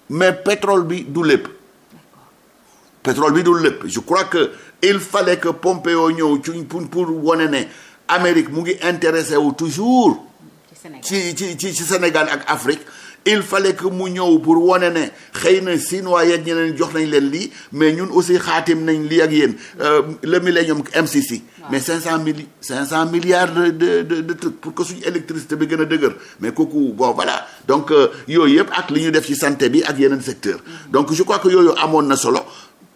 mais pétrole bi du lépp. pétrole bi du lépp je crois que il fallait que Pompeo ñëw ci pour pour wane ne Amérique mu ngi intéressé wu toujours. ci ci ci Sénégal ak Afrique. il fa que mu ñëw pour wane ne xëy na Sinoa yeeg ñeneen jox nañ leen lii mais ñun aussi xaatim nañ lii ak yéen euh, le millénium MCC. mais 500 mili 500 milliards de de de de trucs pour que suñu électricité bi gën a dëgër mais kooku bon voilà donc euh, yooyu yëpp ak li ñu def ci santé bi ak yeneen secteur mm-hmm. donc je crois que yooyu amoon na solo.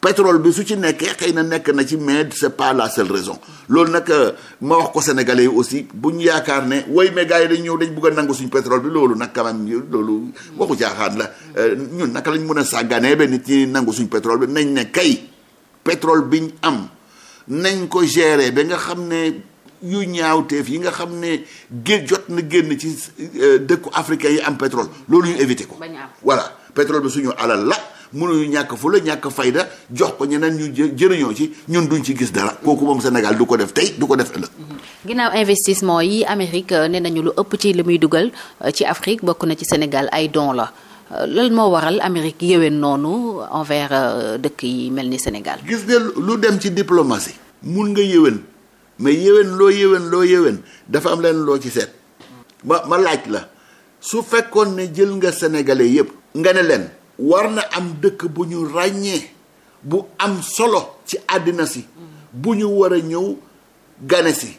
pétrole bi su ci nekkee xëy na nekk na ci mais c'est pas la seule raison loolu nag euh, ma wax ko sénégalais yi aussi bu ñu yaakaar ne way mais yi dañ ñëw dañ bëgg a nangu suñu pétrole bi loolu nag quand même loolu waxu caaxaan la euh, ñun naka lañ mën a sàgganee ba nit ñi nangu suñu pétrole bi nañ ne kay pétrole biñ am nañ ko gérer ba nga xam ne yu ñaaw ñaawteef yi nga xam ne gé jot na génn ci euh, dëkku africain yi am pétrole loolu ñu éviter ko voilà pétrole bi suñu alal la mënuñu ñàkk fula ñàkk fayda jox ko ñeneen ñu jëriñoo ci ñun duñ ci gis dara kooku moom Sénégal du ko def tey du ko def ëllëg ginnaaw investissement yi Amérique euh, ne nañu lu ëpp ci li muy dugal euh, ci Afrique bokk na ci senegal ay don la euh, lan moo waral Amérique yéwén noonu envers dëkk yi mel ni Sénégal gis nga lu dem ci diplomatie mun nga yéwén mais yéwén loo yéwén loo yéwen dafa am leen loo ci seet ma ma laaj la su fekkoon ne jël nga sénégalais yépp nga ne leen war na am dëkk bu ñu ràññee bu am solo ci àddina si bu ñu war a ñëw gane si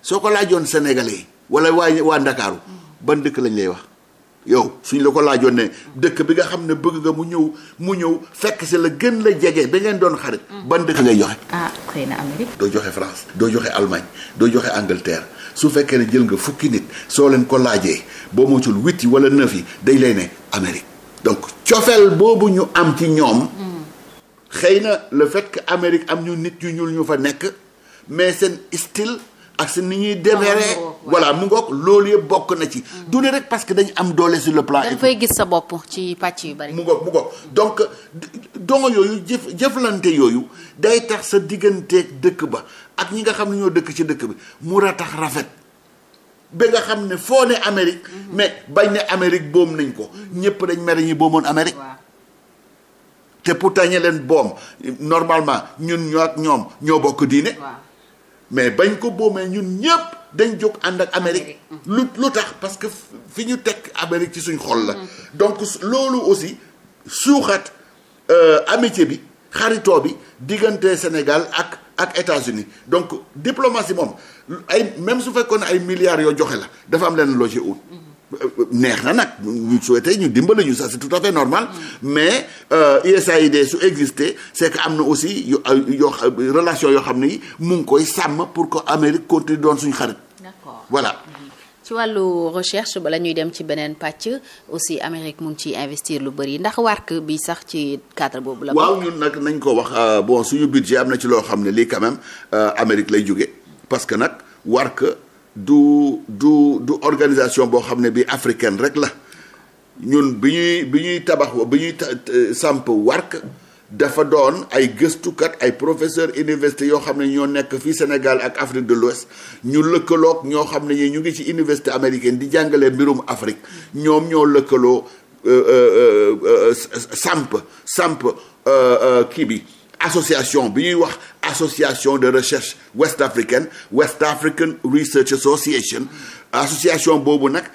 soo ko laajoon sénégalais yi wala waa waa ndakaaru ban dëkk lañ lay wax yow suñ la ko laajoon ne dëkk bi nga xam ne bëgg nga mu ñëw mu ñëw fekk si la gën la jege ba ngeen doon xarit ban dëkk ngay joxe ah, doo joxe France doo joxe Allemagne doo joxe Angleterre su fekkee ne jël nga fukki nit soo leen ko laajee boo moytul huit yi wala neuf yi dañ lay ne Amérique donc cofeel boobu ñu am ci ñoom xëy na le fait que Amérique am ñu nit ñu ñuul ñu fa nekk mais seen style ak seen ni ñuy demeeree ah, voilà mu ngoog loolu yëpp bokk na ci mm. du ne rek parce que dañu am doole sur le plan dañ fay gis sa bopp ci pàcc yu bari mu ngoog mu ngoog donc don yooyu jëf jëflante yooyu day tax sa digganteeg dëkk ba ak ñi nga xam ne ñoo dëkk ci dëkk bi mu ra tax rafet ba nga xam ne foo ne Amérique. mais bañ ne Amérique boom nañ ko ñëpp dañ mere ñi boomoon Amérique. te pourtant ñi leen boom normalement ñun ñoo ak ñoom ñoo bokk diine. mais bañ ko boomee ñun ñëpp dañ jóg ànd ak Amérique. Mm-hmm. lu lu tax parce que fi ñu teg Amérique ci suñ xol la. Mm-hmm. donc loolu aussi suuxat euh, amitié bi xaritoo bi diggante Sénégal ak. ak États-Unis donc diplomatie moom ay même su fekkoon ay milliards yoo joxe la dafa am leen loger ut neex na nag ñu souhaité ñu dimbali ñu ça c'est tout à fait normal mais USAID euh, su existé c'est que am na aussi yo euh, yoo relation yoo xam ne yi mu ngi koy sàmm pour que Amérique continue doon suñu xarit voilà ci wàllu recherche bala ñuy dem ci beneen pàcc aussi Amérique mu ngi ciy investir lu bëri ndax wark bi sax ci cadre boobu la. waaw ñun nag nañ ko wax euh, bon suñu budget am na ci loo xam ne lii quand euh, Amérique lay jóge parce que nag wark du du du organisation boo xam ne bi africaine rek la ñun bi ñuy bi ñuy tabax bi ñuy euh, samp wark dafa doon ay gëstukat ay professeur université yoo xam ne ñoo nekk fii Sénégal ak Afrique de l'Ouest ñu lëkkaloog ñoo xam ne ñu ngi ci université américaine di jàngale mbirum Afrique ñoom ñoo lëkkaloo euh, euh, euh, samp samp kii bi association bi ñuy wax association de recherche west africaine West African Research Association association boobu nag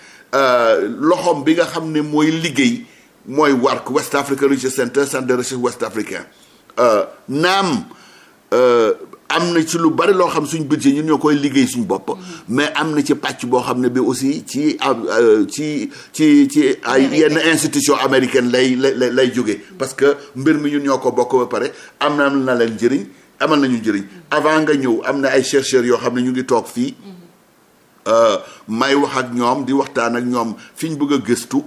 loxoom bi nga xam ne mooy liggéey mooy WARC West Africa Research Center centre de recherche ouest africain euh, naam euh, am na ci lu bari loo xam suñ budget ñu ñoo koy liggéey suñ bopp mais am na ci pàcc boo xam ne bi aussi ci euh, ci ci ci ay yenn institution américaine lay lay lay jóge parce que mbir mi ñu ñoo ko bokk ba pare am na na leen njëriñ amal nañu njëriñ avant nga ñëw am na ay chercheurs yoo xam ne ñu ngi toog fii may wax ak ñoom di waxtaan ak ñoom fi ñu bëgg a gëstu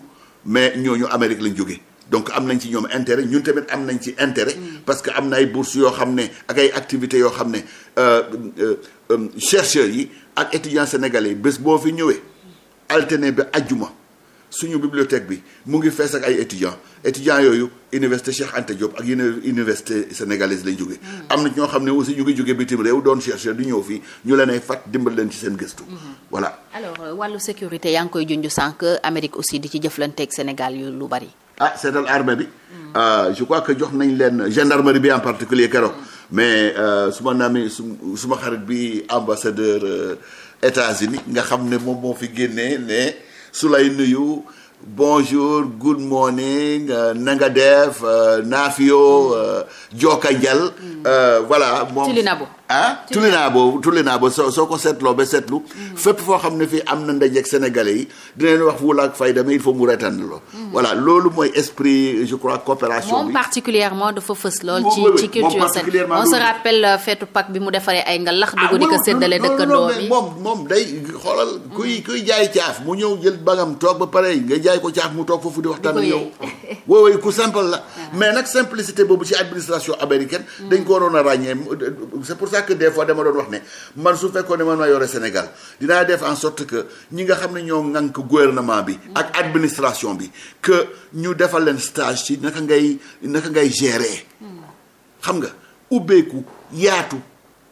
mais ñooñu Amérique lañ jóge donc am nañ ci ñoom intérêt ñun tamit am nañ ci intérêt mm. parce que am na ay bourses yoo xam ne ak ay activités yoo xam ne euh, euh, euh, chercheurs yi ak étudiants sénégale yi bés boo fi ñëwee alterné bi ajjuma suñu bibliothèque bi mu ngi fees ak ay étudiants étudiants yooyu université Cheikh Anta ak université sénégalaise lañ jóge mm. am na ñoo xam ne aussi ñu ngi jóge mm-hmm. euh, sécurité yaa ngi koy junj sànq Amérique aussi di ci jëflanteeg Sénégal yu lu bari. ah seetal armée bi. Mm. Ah, je crois que jox nañ leen gendarmerie bi en particulier keroog. Mm. mais euh, su ma naamee su suma xarit bi ambassadeur euh, États-Unis nga xam ne moom moo fi génnee ne. su lay nuyu bonjour good morning euh, nanga def euh, naafio euh, euh, voilà moom ah tulli naa boobu tulli naa ba soo soo ko seetloo ba seetlu mm. fépp foo xam ne fii am na ndajeek sénégalais yi dinañ wax fulla ak fayda mais il faut mu reetaan lool mm. voilà loolu mooy esprit je crois coopération bi moom particulièrement dafa fës lool ci ci culture sénégalaise on se rappelle euh, feetu Pâques bi mu defaree ay lax dugg ah, di ko séddale dëkkandoo bi moom moom day xoolal mm. kuy kuy jaay caaf mu ñëw jël bagam toog ba pare nga jaay ko caaf mu toog foofu di waxtaan ak yow woowee ku simple la ah. mais nag simplicité boobu ci administration américaine dañ ko waroon a ràññee ça que fois dama doon wax ne man su fekkoon ne man maa yore Sénégal dinaa def en sorte que ñi nga xam ne ñoo ŋànk gouvernement bi. ak administration bi que ñu defal leen stage ci naka ngay naka ngay gérer. xam nga ubbeeku yaatu.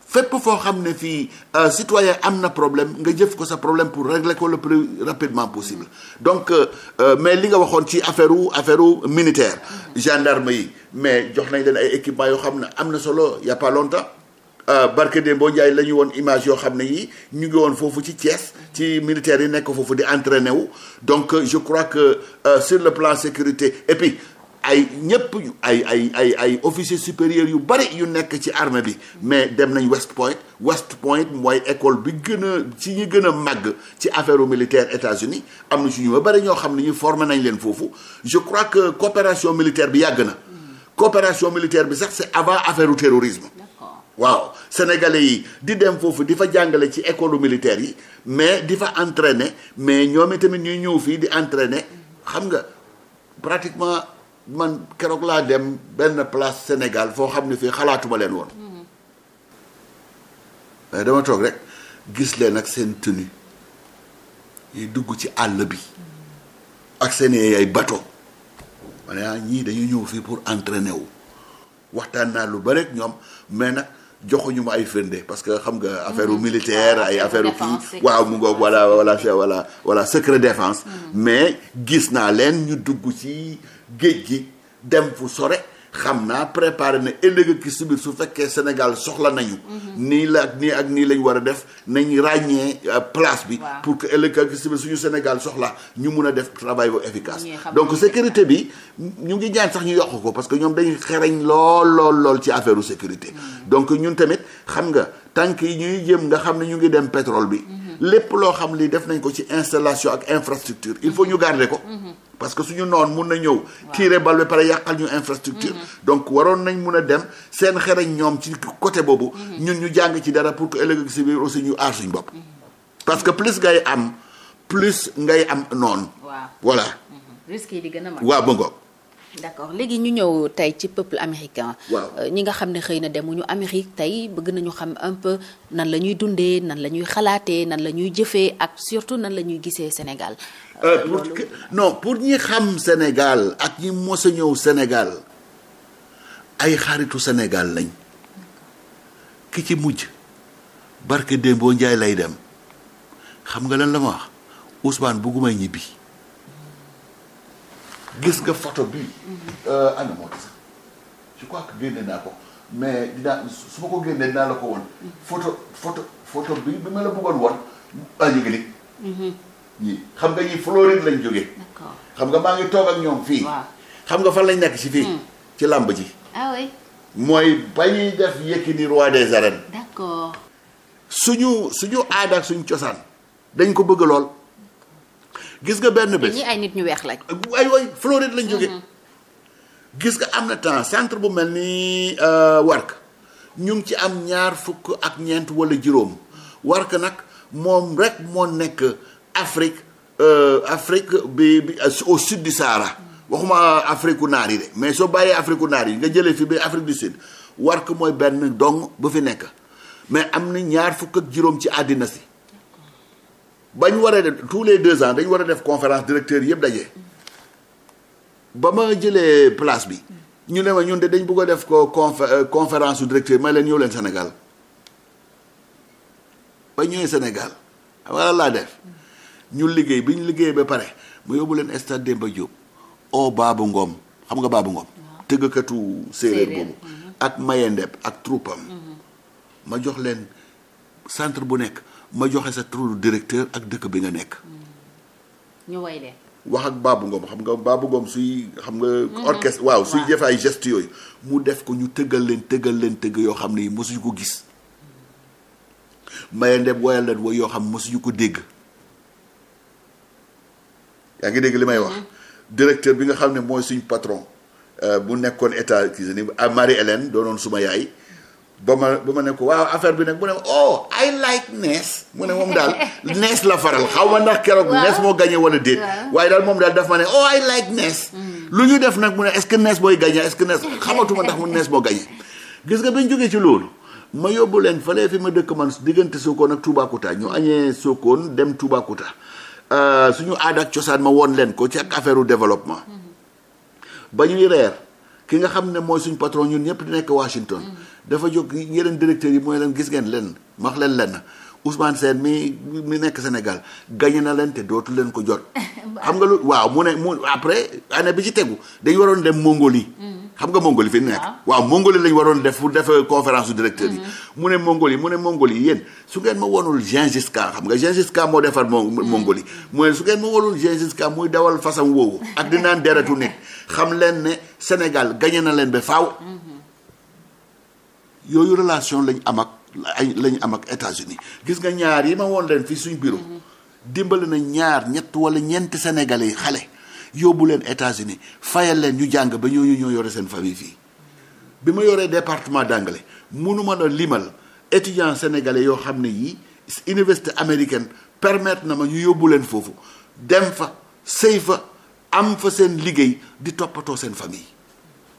fépp foo xam ne fii euh, citoyen am na problème nga jëf ko sa problème pour régler ko le plus rapidement possible donc euh, euh, mais li nga waxoon ci affaire wu affaire wu militaire gendarme yi mais jox nañ leen ay équipement yoo xam ne am na solo Euh, barke de boo Ndiaye la ñu woon image yoo xam ne yi ñu ngi woon foofu ci Thiès ci militaires yi nekk foofu di entraîné wu donc euh, je crois que euh, sur le plan sécurité et puis ay ñëpp ay ay ay ay officiers supérieurs yu bari yu nekk ci armée bi mais dem nañ West Point West Point mooy école bi gën a ci ñi gën a màgg ci affaire militaire États-Unis am na ci ñu ba bari ñoo xam ne ñu formé nañ leen foofu je crois que coopération militaire bi yàgg na coopération militaire bi sax c'est avant affaire terrorisme waaw sénégalais yi di dem foofu di fa jàngale ci école militaire yi mais di fa entraîner mais ñoom tamit ñuy ñëw fii di entraîner xam nga pratiquement man keroog laa dem benn place Sénégal foo xam ne fii xalaatuma leen woon. Mhm. mais dama toog rek gis leen ak seen tenue yi dugg ci àll bi ak seen ay bateau ma ne ah, ñii dañu ñëw fii pour entraîner wu waxtaan naa lu bari ak ñoom mais nag. joxuñu ma ay firnde parce que xam nga affaire wu mm-hmm. militaire ah, ay affaire u kii waaw mu ngoog wala wala wala wala secret défense mm-hmm. mais gis naa leen ñu dugg ci géej gi dem fu sore xam naa préparé na ëllëg ki si biir su fekkee Sénégal soxla nañu. Mhm. nii la ak nii ak nii lañ war a def nañ ràññee euh, place bi. pour que ëllëg ki ci biir suñu Sénégal soxla ñu mun a def travail bu efficace. donc sécurité bi ñu ngi jaan sax ñu yokk ko parce que ñoom dañuy xereñ lool lool lool ci affaire sécurité. Mhm. donc ñun tamit xam nga tànk yi ñuy jëm nga xam ne ñu ngi dem pétrole bi. Mhm. lépp loo xam li def nañ ko ci installation ak infrastructure il faut ñu garder ko. parce que suñu noon mun na ñëw tiire bal ba pare yàqal ñu infrastructure mm-hmm. donc waroon nañ mun a dem seen xereñ ñoom ci côté boobu mm-hmm. ñun ñu jàng ci dara pour que ëllëg si biir aussi ñu aar suñu bopp mm-hmm. parce que plus ngay am plus ngay am noon waa risque yi di gën a mag waaw bëggoon d' accord léegi ñu ñëw tey ci peuple américain. waaw euh, ñi nga xam ne xëy na demuñu Amérique tey bëgg nañu xam un nan la ñuy dundee nan la ñuy xalaatee nan la ñuy jëfee ak surtout nan la ñuy gisee Sénégal. Euh, pour euh, non pour ñi xam Sénégal ak ñi mos ñëw Sénégal ay xaritu Sénégal lañ ki ci mujj barke Dembo Njaay lay dem xam nga lañ la ma wax Ousmane ñibbi. gis nga photo bi euh, ana moo ci sax je crois que génne naa ko mais dinaa su ma ko génnee dinaa la ko woon photo photo photo bi bi ma la bëggoon woon a yëgalik ñii xam nga ñi Floride lañ jógee xam nga maa ngi toog ak ñoom fii xam nga fan lañ nekk si fii mm. ci làmb ji ah mooy ba ñuy def Yékini roi des arènes d'accord suñu suñu aada ak suñu cosaan dañ ko bëgg lool gis nga benn bés. ñi ay nit ñu weex lañ. ay way Floride lañ jógee. Mm-hmm. gis nga am na temps centre bu mel ni euh, Wark ñu ngi ci am ñaar fukk ak ñeent wala juróom Wark nag moom rek moo nekk Afrique euh, Afrique bi bi euh, au sud du Sahara waxuma Afrique naar yi de mais soo bàyyee Afrique naar yi nga jëlee fi ba Afrique du Sud Wark mooy benn dong bu fi nekk mais am na ñaar fukk ak juróom ci àddina si. ba ñu waree def tous les deux ans dañu war a def conférence directeur yëpp daje ba ma jëlee place bi ñu ne ma ñun de dañ bugg a def ko euh, conférence su directeur may leen ñëw leen Sénégal ba ñëwee Sénégal wala laa def ñu liggéey bi ñu liggéey ba pare mu yóbbu leen stade Demba Diop o Baabu Ngom xam nga Baabu Ngom tëggkatu séeréer boobu ak Mayendeb ak mm-hmm. ma jox leen centre bu nekk ma joxe sa turu directeur ak dëkk bi nga nekk. Hmm. ñu way leen. wax ak Babou Ngom xam nga Babou Ngom suy xam nga. Hmm. orchestre waaw suy def ay gestes yooyu. mu def ko ñu tëggal leen tëggal leen tëgg yoo xam ne mosuñu ko gis. maye ndeb woyal leen woy yoo xam mosuñu ko dégg. yaa ngi dégg li may wax. Hmm. directeur bi nga xam ne mooy suñu patron. Euh, bu nekkoon état kii Marie Hélène doonoon suma yaay. ba ma ba ma ne ko waaw affaire bi nag mu ne oh I like nees mu ne moom daal nees la faral xaw ma ndax keroog nees moo gañee wala déet waaye daal moom daal daf ma ne oh I like nees mm. lu ñu def nag mu ne est nees booy gagné est nees xamatuma ndax mu nees boo gagné gis nga bi ñu jógee ci loolu ma yóbbu leen falee fi ma dëkk man diggante Sokone ak Toubacouta ñu añee Sokone dem Toubacouta euh, suñu aada ak cosaan ma woon leen ko ci ak affaire développement mm-hmm. ba ñuy reer ki nga xam ne mooy suñ patron ñun ñëpp di nekk Washington. dafa jóg yeneen directeurs yi mooy leen gis ngeen leen max leen lenn Ousmane Sène mi mi nekk Sénégal gañe na leen te dootu leen ko jot. xam nga lu waaw mu ne mu après année bi ci tegu dañu waroon dem Mongolie. Mm. xam nga Mongolie fi nekk. waaw Mongolie lañu waroon def pour def conférence su directeur yi. Mm-hmm. mu ne Mongolie mu ne Mongolie yéen su ngeen ma wonul Gengis Khan xam nga Gengis Khan moo defar mm. mongo mu ne su ngeen ma wonul Gengis Khan muy dawal fasam woowu ak di naan deretu xam leen ne Sénégal gañe na leen ba faw yooyu relation lañ am ak ay lañ am ak États-Unis gis nga ñaar yi ma woon leen fii suñ bureau dimbali na ñaar ñett wala ñeenti sénégalais yi xale yóbbu leen États-Unis fayal leen ñu jàng ba ñu ñoo yore seen famille fii bi ma yoree département d'anglais mënu ma la limal étudiants sénégalais yoo xam ne yii université américain permettre na ma ñu yóbbu leen foofu dem fa sëy fa. am fa seen liggéey di toppatoo seen famille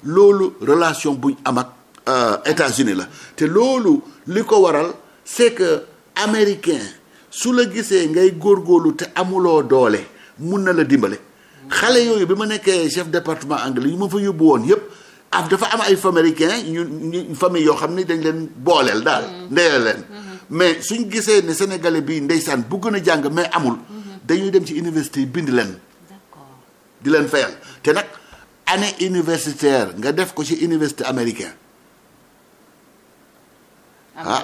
loolu relation buñ am ak euh, États-Unis la te loolu li ko waral c'est que américain su la gisee ngay góor góorlu te amuloo doole mun na la dimbale xale yooyu bi ma nekkee chef département anglais yu ma fa yóbbu woon yëpp af ah, dafa am ay faméricain ñu ñu famille yoo xam ne dañ leen booleel daal ndeyal leen mais suñ gisee ne sénégalais bi ndeysaan bu gën a jàng mais amul mm-hmm. dañuy dem ci université yi bind leen di leen fayal te nag année universitaire nga def ko ci université américain ah, ah.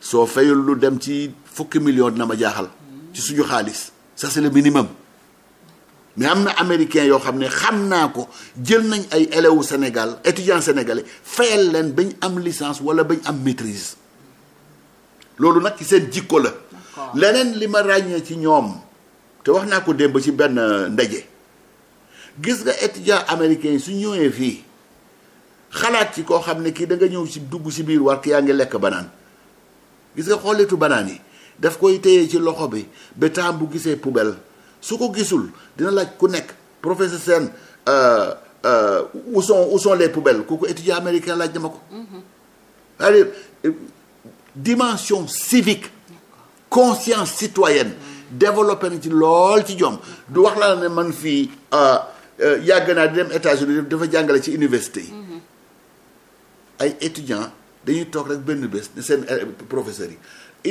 soo fayul lu dem ci fukki million dina ma jaaxal ci suñu xaalis ça c'est le minimum mais am na américain yoo xam ne xam naa ko jël nañ ay élèves Sénégal étudiants sénégalais fayal leen bañ am licence wala bañ am maîtrise loolu nag ci seen jikko la leneen li ma ràññee ci ñoom te wax naa ko démb ci benn euh, ndaje gis nga étudiant américain yi su ñëwee fii xalaat ci koo xam ne kii da nga ñëw ci dugg ci biir war ki yaa ngi lekk banaan gis nga xollitu banaan yi daf koy téye ci loxo bi ba taam bu gisee poubelle su ko gisul dina laaj ku nekk professeur Sène euh, euh, où sont où sont les poubelles kooku étudiant américain laaj dama ko mm-hmm. dimension civique conscience citoyenne développé nañ ci lool ci jom du wax la ne man fii ah, euh, yàgg naa di dem États-Unis dafa jàngale ci université yi mm-hmm. ay étudiants dañuy toog rek benn bés ne seen euh, professeurs yi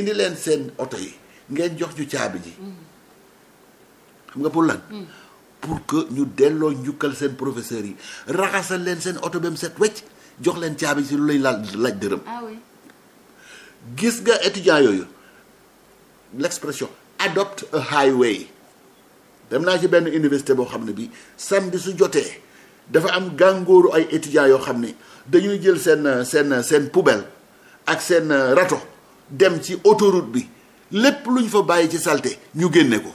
indi leen seen oto yi ngeen jox ñu caabi ji mm-hmm. xam nga pour lan mm. pour que ñu delloo njukkal seen professeurs yi raxasal leen seen oto ba mu set wecc jox leen caabi ji si lu lay laal laaj dërëm ah gis nga étudiants yooyu l'expression adopt a highway dem naa ci benn université boo xam ne bi bi su jotee dafa am gàngooru ay étudiants yoo xam ne dañuy jël seen seen seen poubelle ak seen rato dem ci autoroute bi lépp lu ñu fa bàyyi ci salte ñu génne ko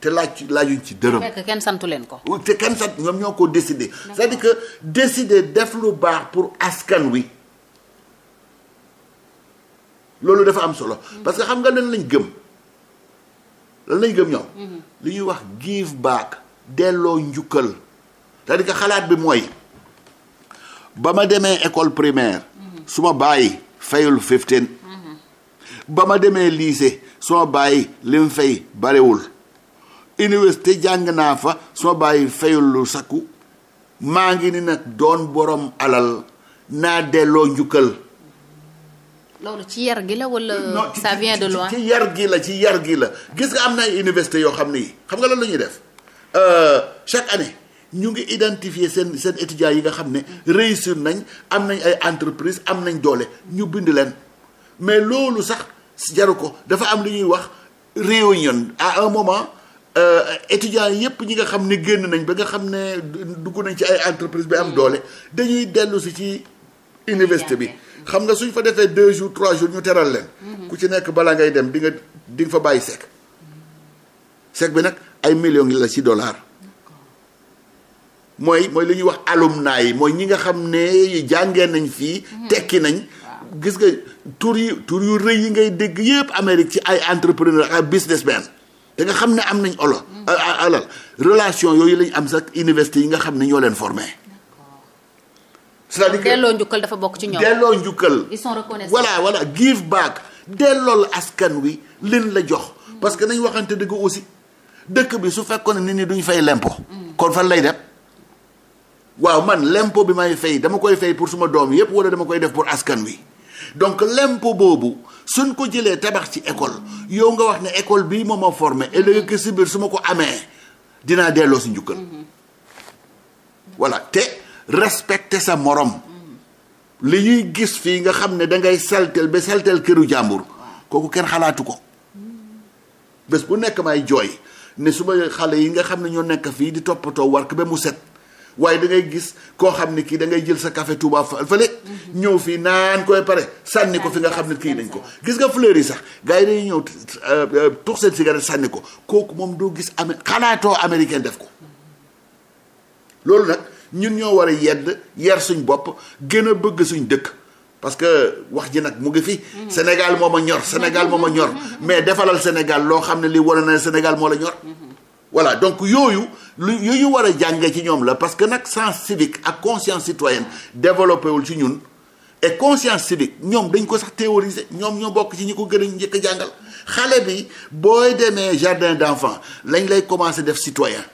te laaj laajuñ ci dërëm. fekk kenn santu leen ko. te kenn sant ñoom ñoo ko décidé. c'est-à-dire que décider def lu baax pour askan wi loolu dafa am solo. Mm. parce que xam nga leen lañ gëm. lan lañ gëm ñoom. li ñuy wax give back delloo njukkal cest xalaat bi mooy ba ma demee école primaire. su ma bàyyi fayul fifteen. ba ma demee lycée su ma bàyyi lim fay barewul université jàng naa fa su ma bàyyi fayul lu sakku maa ngi ni nag doon boroom alal naa delloo njukkal. loolu ci yar gi la wala. Eh, ça de loin ci yar gi la ci yar gi la gis nga am na ay université yoo xam ni xam nga loolu la ñuy def euh, chaque année ñu ngi identifier seen seen étudiants yi nga xam ne réussir nañ am nañ ay entreprise am nañ doole ñu bind leen mais loolu sax jaru ko dafa am lu ñuy wax réunion à un moment. Euh, étudiants yépp ñi nga xam ni génn nañ ba nga xam ne dugg nañ ci ay entreprise bi am mm. doole dañuy dellusi ci université bi xam nga suñ fa defee deux jours trois jours ñu teral leen. Mhm. ku ci nekk balaa ngay dem di nga di fa bàyyi sec. sec bi nag ay millions la ci dollar mooy mooy li ñuy wax alumni yi mooy ñi nga xam ne jàngee nañ fii. Mhm. tekki nañ. gis nga tur yi tur yu rëy yi ngay dégg yépp Amérique ci ay entrepreneur ak ay businessmen te nga xam ne am nañ olo mhm. alal relation yooyu lañ am sax université yi nga xam ne ñoo leen formé. c'est-à-dire que delloo njukkal dafa bokk ci ñoom. delloo njukkal. ils sont reconnaissants voilà voilà give back delloo la askan wi leen la jox. parce que nañ waxante dëgg aussi dëkk bi su fekkoon nit ñi duñ fay lempo. Mm. kon fan lay dem. waaw man lempo bi may fay dama koy fay pour suma doom yépp wala dama koy def pour askan wi donc lempo boobu suñ ko jëlee tabax ci école yow nga wax ne école bii moom a formé ëllëg ak si biir su ma ko amee dinaa delloo si njukkal. Mm-hmm. voilà te. respecter sa morom li ñuy gis fii nga xam ne dangay saltel ba saltel këru jàmbur kooku kenn xalaatu ko bés bu nekk may jooy ne su ma xale yi nga xam ne ñoo nekk fii di toppatoo war ko ba mu set waaye da ngay gis koo xam ne kii da ngay jël sa café ñëw fii naan koy pare sànni ko fi nga xam ne kii nañ ko gis nga fleur yi sax gars yi dañuy ñëw euh, euh, tux seen cigarette sànni ko kooku moom doo gis amee xalaatoo américain def ko loolu nag ñun ñoo war a yedd yar suñ bopp gën a bëgg suñ dëkk parce que wax ji nag mu ngi fi. Mm. Sénégal moom a ñor Sénégal moom a ñor mm-hmm. mais defalal Sénégal loo xam ne li wane na Sénégal moo la ñor. Mm-hmm. voilà donc yooyu lu yooyu war a jàngee ci ñoom la parce que nag sens civique ak conscience citoyenne développé wul ci ñun. et conscience civique ñoom dañ ko sax théoriser ñoom ñoo bokk ci ñi ko gën a njëkk a jàngal xale bi booy demee jardin d'enfant lañ lay commencer def citoyen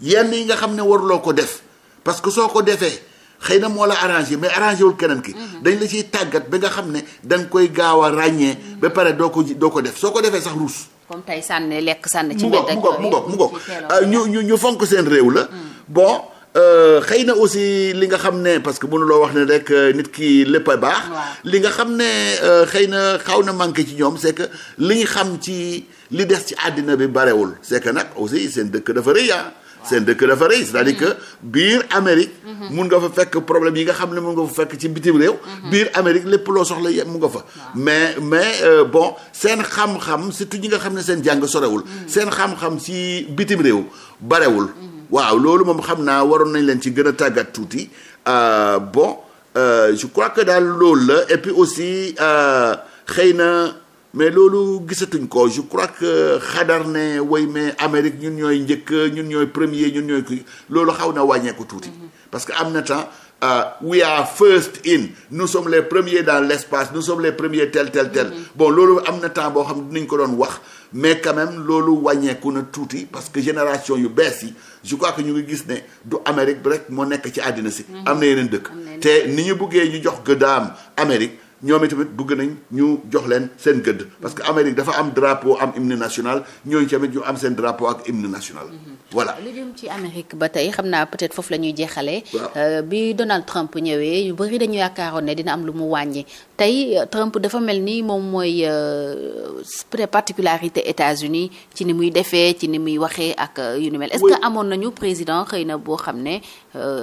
yenn yi nga xam ne waruloo ko def parce que soo ko defee xëy na moo la arrangé mais arrangé wul keneen ki. Mhm. dañ la ciy tàggat bi nga xam ne danga koy gaaw a ràññee. ba pare doo ko doo ko def soo ko defee sax ruus. comme tey sànni lekk sànni. ci mbedd mu ngoog mu ngoog mu ngoog ah, ñu ñu ñu fonk seen réew la. Mm. bon euh, xëy na aussi li nga xam ne parce que loo wax ni rek euh, nit ki lépp a baax. li nga xam ne euh, xëy na xaw na manqué ci ñoom c'est li ñu xam ci li des ci àddina bi barewul c'est nag aussi seen dëkk dafa rëy ah. seen dëkk dafa rëy cest a dire que mm-hmm. biir Amérique mm-hmm. mun nga fa fekk problème yi nga xam ne mun nga fa fekk ci bitim réew mm-hmm. biir Amérique lépp loo soxla ye mu nga fa mais mais euh, bon seen xam-xam surtout ñi nga xam ne seen jàng sorewul seen xam-xam si bitim réew barewul waaw loolu moom xam naa waroon nañ leen ci gën a tàggat tuuti euh, bon euh, je crois que daal loolu la et puis aussi xëy na mais loolu gisatuñ ko je crois que xadar ne way mais Amérique ñun ñooy njëkk ñun ñooy premier ñun ñooy kii loolu xaw na wàññeeku tuuti. Mm-hmm. parce que am na temps euh, we are first in nu sommes les premiers dans l' espace nous sommes les premiers tel tel tel. Mm-hmm. bon loolu am na temps boo xam ne nañ ko doon wax mais quand loolu wàññeeku na tuuti parce que génération yu bees yi je crois que ñu ngi gis ne du Amérique rek moo nekk ci àddina si. Mm-hmm. am na yeneen dëkk te ni ñu buggee ñu jox gëddaam Amérique. ñoom itamit bëgg nañ ñu jox leen seen gëdd parce que Amérique dafa am drapeau am hymne national ñooñu tamit ñu am seen drapeau ak hymne national mhm. voilà lu jëm ci Amérique ba tey xam naa peut-être foofu la ñuy jeexalee euh, bi Donald Trump ñëwee ñu bëri dañu yaakaaroon ne dina am lu mu wàññi tey euh, Trump dafa mel nii moom mooy euh, particularité États-Unis ci ni muy defee ci ni muy waxee ak euh, yu ni mel. est-ce que amoon nañu président xëy na boo xam ne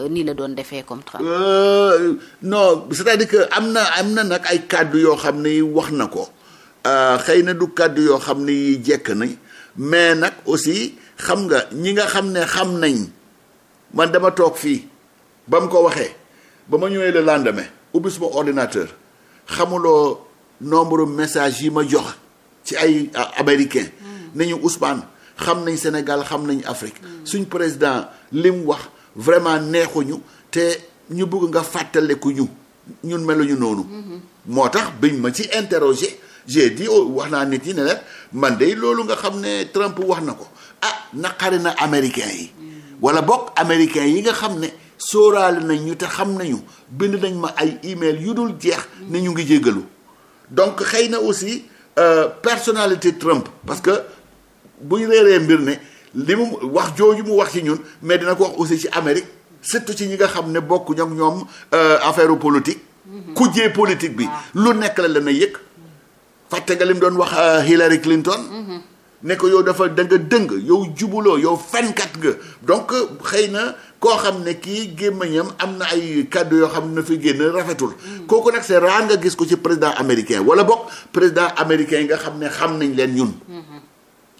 nii la doon defee comme Trump. non cest à que am na am na nag ay kàddu yoo xam ni wax na ko xëy na du kàddu yoo xam ni jekk na mais nag aussi xam nga ñi nga xam ne xam nañ man dama toog fii ba mu ko waxee ba ma ñëwee le lendemain ubbi suma ordinateur. xamuloo nombre message yi ma jox ci ay américain hmm. nañu Ousmane xam nañ Sénégal xam nañ Afrique hmm. suñ président li mu wax vraiment neexuñu te ñu bugg nga fàttaleku ñu ñun meluñu noonu hmm. moo tax biñ ma ci interroger j'ai dit wax naa nit ñi ne leen man de loolu nga xam ne Trump wax na ko ah naqari na américain yi wala bokk américain yi nga xam ne sóoraale nañ ñu te xam nañu bind nañ ma ay email yu dul jeex ne ñu ngi jéggalu donc xëy na aussi euh, personnalité Trump parce que buñ réeree mbir ne li mu wax jooju mu wax ci ñun mais dina ko wax aussi ci Amérique surtout ci ñi nga xam ne bokkuñ ak ñoom euh, affaire politique. Mm-hmm. kujjee politique bi. Ah. lu nekk la dana yëg. fàtte nga lim doon wax euh, Hillary Clinton. Mm-hmm. ne ko yow dafa da nga dëng yow jubuloo yow fenkat nga donc xëy na. koo xam ne kii gémmañam am na ay kàddu yoo xam ne na fi génn rafetul kooku nag c'est rare nga gis ko ci président américain wala bokk président américain nga xam ne xam nañ leen ñun mm-hmm.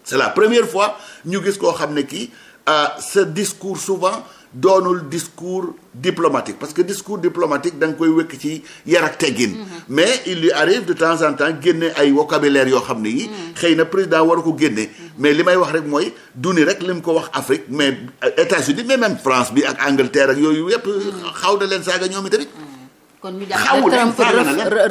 c'est la première fois ñu gis koo xam ne kii euh, sa discours souvent doonul discours diplomatique parce que discours diplomatique da nga koy wékk ci yar ak teggin mhm. mais il lui arrive de temps en temps génne ay vocabulaire yoo xam ne yi mhm. xëy na président waru ko génne mhm. mais li may wax rek mooy du rek li mu ko wax Afrique mais États-Unis mais même France bi ak Angleterre ak yooyu yépp xaw na leen saaga ñoom i tamit kon ñu jàpp Trump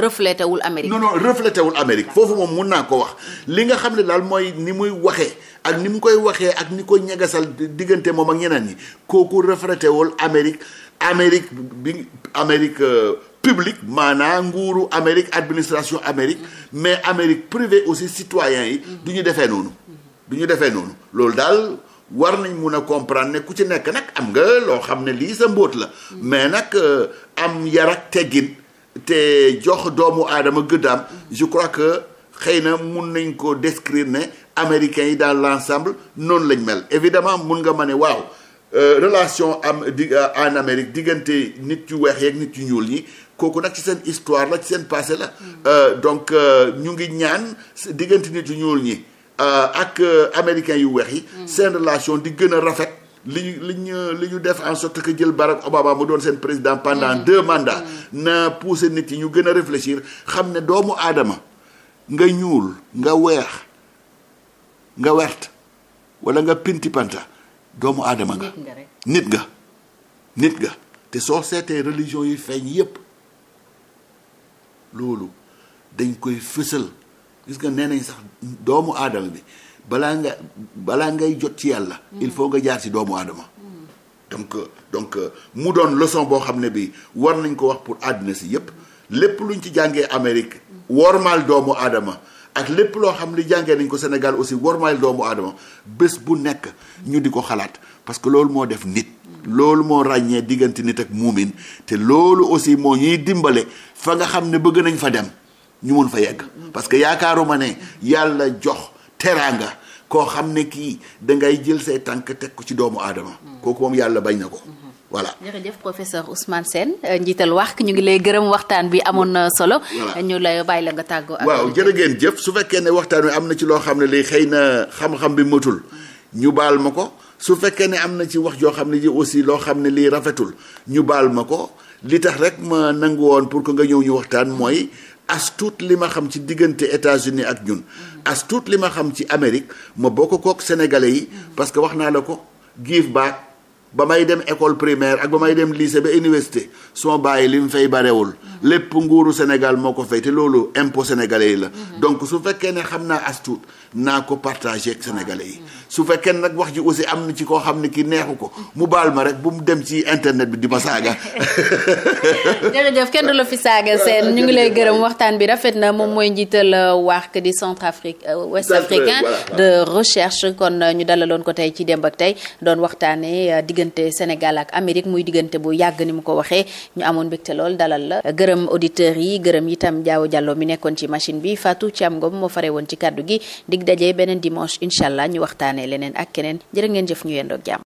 reflété wul Amérique non non reflété wul Amérique foofu moom mun naa ko wax li nga xam ne daal mooy ni muy waxee ak ni mu koy waxee ak ni ko ñagasal diggante moom ak ñeneen ñi kooku reflété wul Amérique Amérique bi Amérique euh, publique maanaa nguuru Amérique administration Amérique mais Amérique privée aussi citoyens yi du ñu defee noonu du ñu defee noonu loolu daal war nañ mun a comprendre ne ku ci nekk nag am nga loo xam ne lii sa mbóot la mais nag euh, am yar ak teggin te jox doomu aadama gëddaam je crois que xëy na mun nañ ko décrire ne américains yi dans l'ensemble noonu lañ mel évidemment mun nga ma ne waaw euh, relation am di euh, en Amérique diggante nit yu weex yeeg nit yu ñuul yi kooku nag ci seen histoire la ci seen passé la mm. euh, donc ñu ngi ñaan diggante nit yu ñuul ñi ak américains yu weex yi mm. seen relation di gën a rafet li ñu li ñu li ñu def en sort que jël Barack Obama mu doon seen président pendant mm. deux mandats na pousser nit yi ñu gën a réfléchir xam ne doomu aadama nga ñuul nga weex nga wert wala nga pinti panta doomu aadama nga nit nga nit nga te soo seetee religion yi feeñ yépp loolu dañ koy fësal gis nga nee nañ sax doomu aadama bi balaa nga balaa ngay jot ci yàlla il faut nga jaar ci doomu aadama donc donc mu doon leçon boo xam ne bi war nañ ko wax pour àddina si yépp lépp luñ ci jàngee Amérique wormaal doomu aadama ak lépp loo xam ni jànge nañ ko Sénégal aussi warmaal doomu aadama bés bu nekk ñu di ko xalaat parce que loolu moo def nit. loolu moo ràññee diggante nit ak muumin te loolu aussi moo ñuy dimbale fa nga xam ne bëgg nañ fa dem ñu mun fa yegg. parce que yaakaaruma ne yàlla jox teraanga koo xam ne kii da ngay jël say tànk teg ko ci doomu aadama. kooku moom yàlla bañ na ko. voilà. jërëjëf professeur Ousmane seen euh, njiital wax ñu ngi lay gërëm waxtaan bi amoon na solo. ñu lay bàyyi la nga tàggoo. waaw jërë ngeen jëf su fekkee ne waxtaan wi am na ci loo xam ne lii xëy na xam-xam bi matul ñu baal ma ko su fekkee ne am na ci wax joo xam ne ji aussi loo xam ne lii rafetul ñu baal ma ko li tax rek ma nangu woon pour que nga ñëw ñu waxtaan mooy. as tuut li ma xam ci diggante États-Unis ak ñun as tuut li ma xam ci Amérique ma bokk kook sénégalais yi parce que wax naa la ko give back ba may dem école primaire ak ba may dem lycée ba université suma bàyyi li mu fay barewul lépp nguuru Sénégal moo ko fay te loolu impôt sénégalais yi la mhm. donc su fekkee ne xam naa as naa ko partagé ak sénégalais yi mhm. su fekkee nag wax ji aussi am na ci koo xam ne ki neexu ko mu baal ma rek bu mu dem ci internet bi di ma saaga jërëjëf kenn du la fi saaga seen ñu ngi lay gërëm waxtaan bi rafet na moom mooy njiital euh, WARC di centre afrique euh, ouest africain de recherche euh, ñu dalaloon ko tey ci démb ak tey diggante Sénégal ak Amérique muy diggante bu yàgg ni mu ko waxee ñu amoon mbégte lool dalal la gërëm auditeurs yi gërëm itam jaaw jàlloo mi nekkoon ci machine bi Fatou Thiam Ngom moo fare woon ci kàddu gi dig dajee beneen dimanche incha allah ñu waxtaanee leneen ak keneen jërë ngeen jëf ñu yendoog jàmm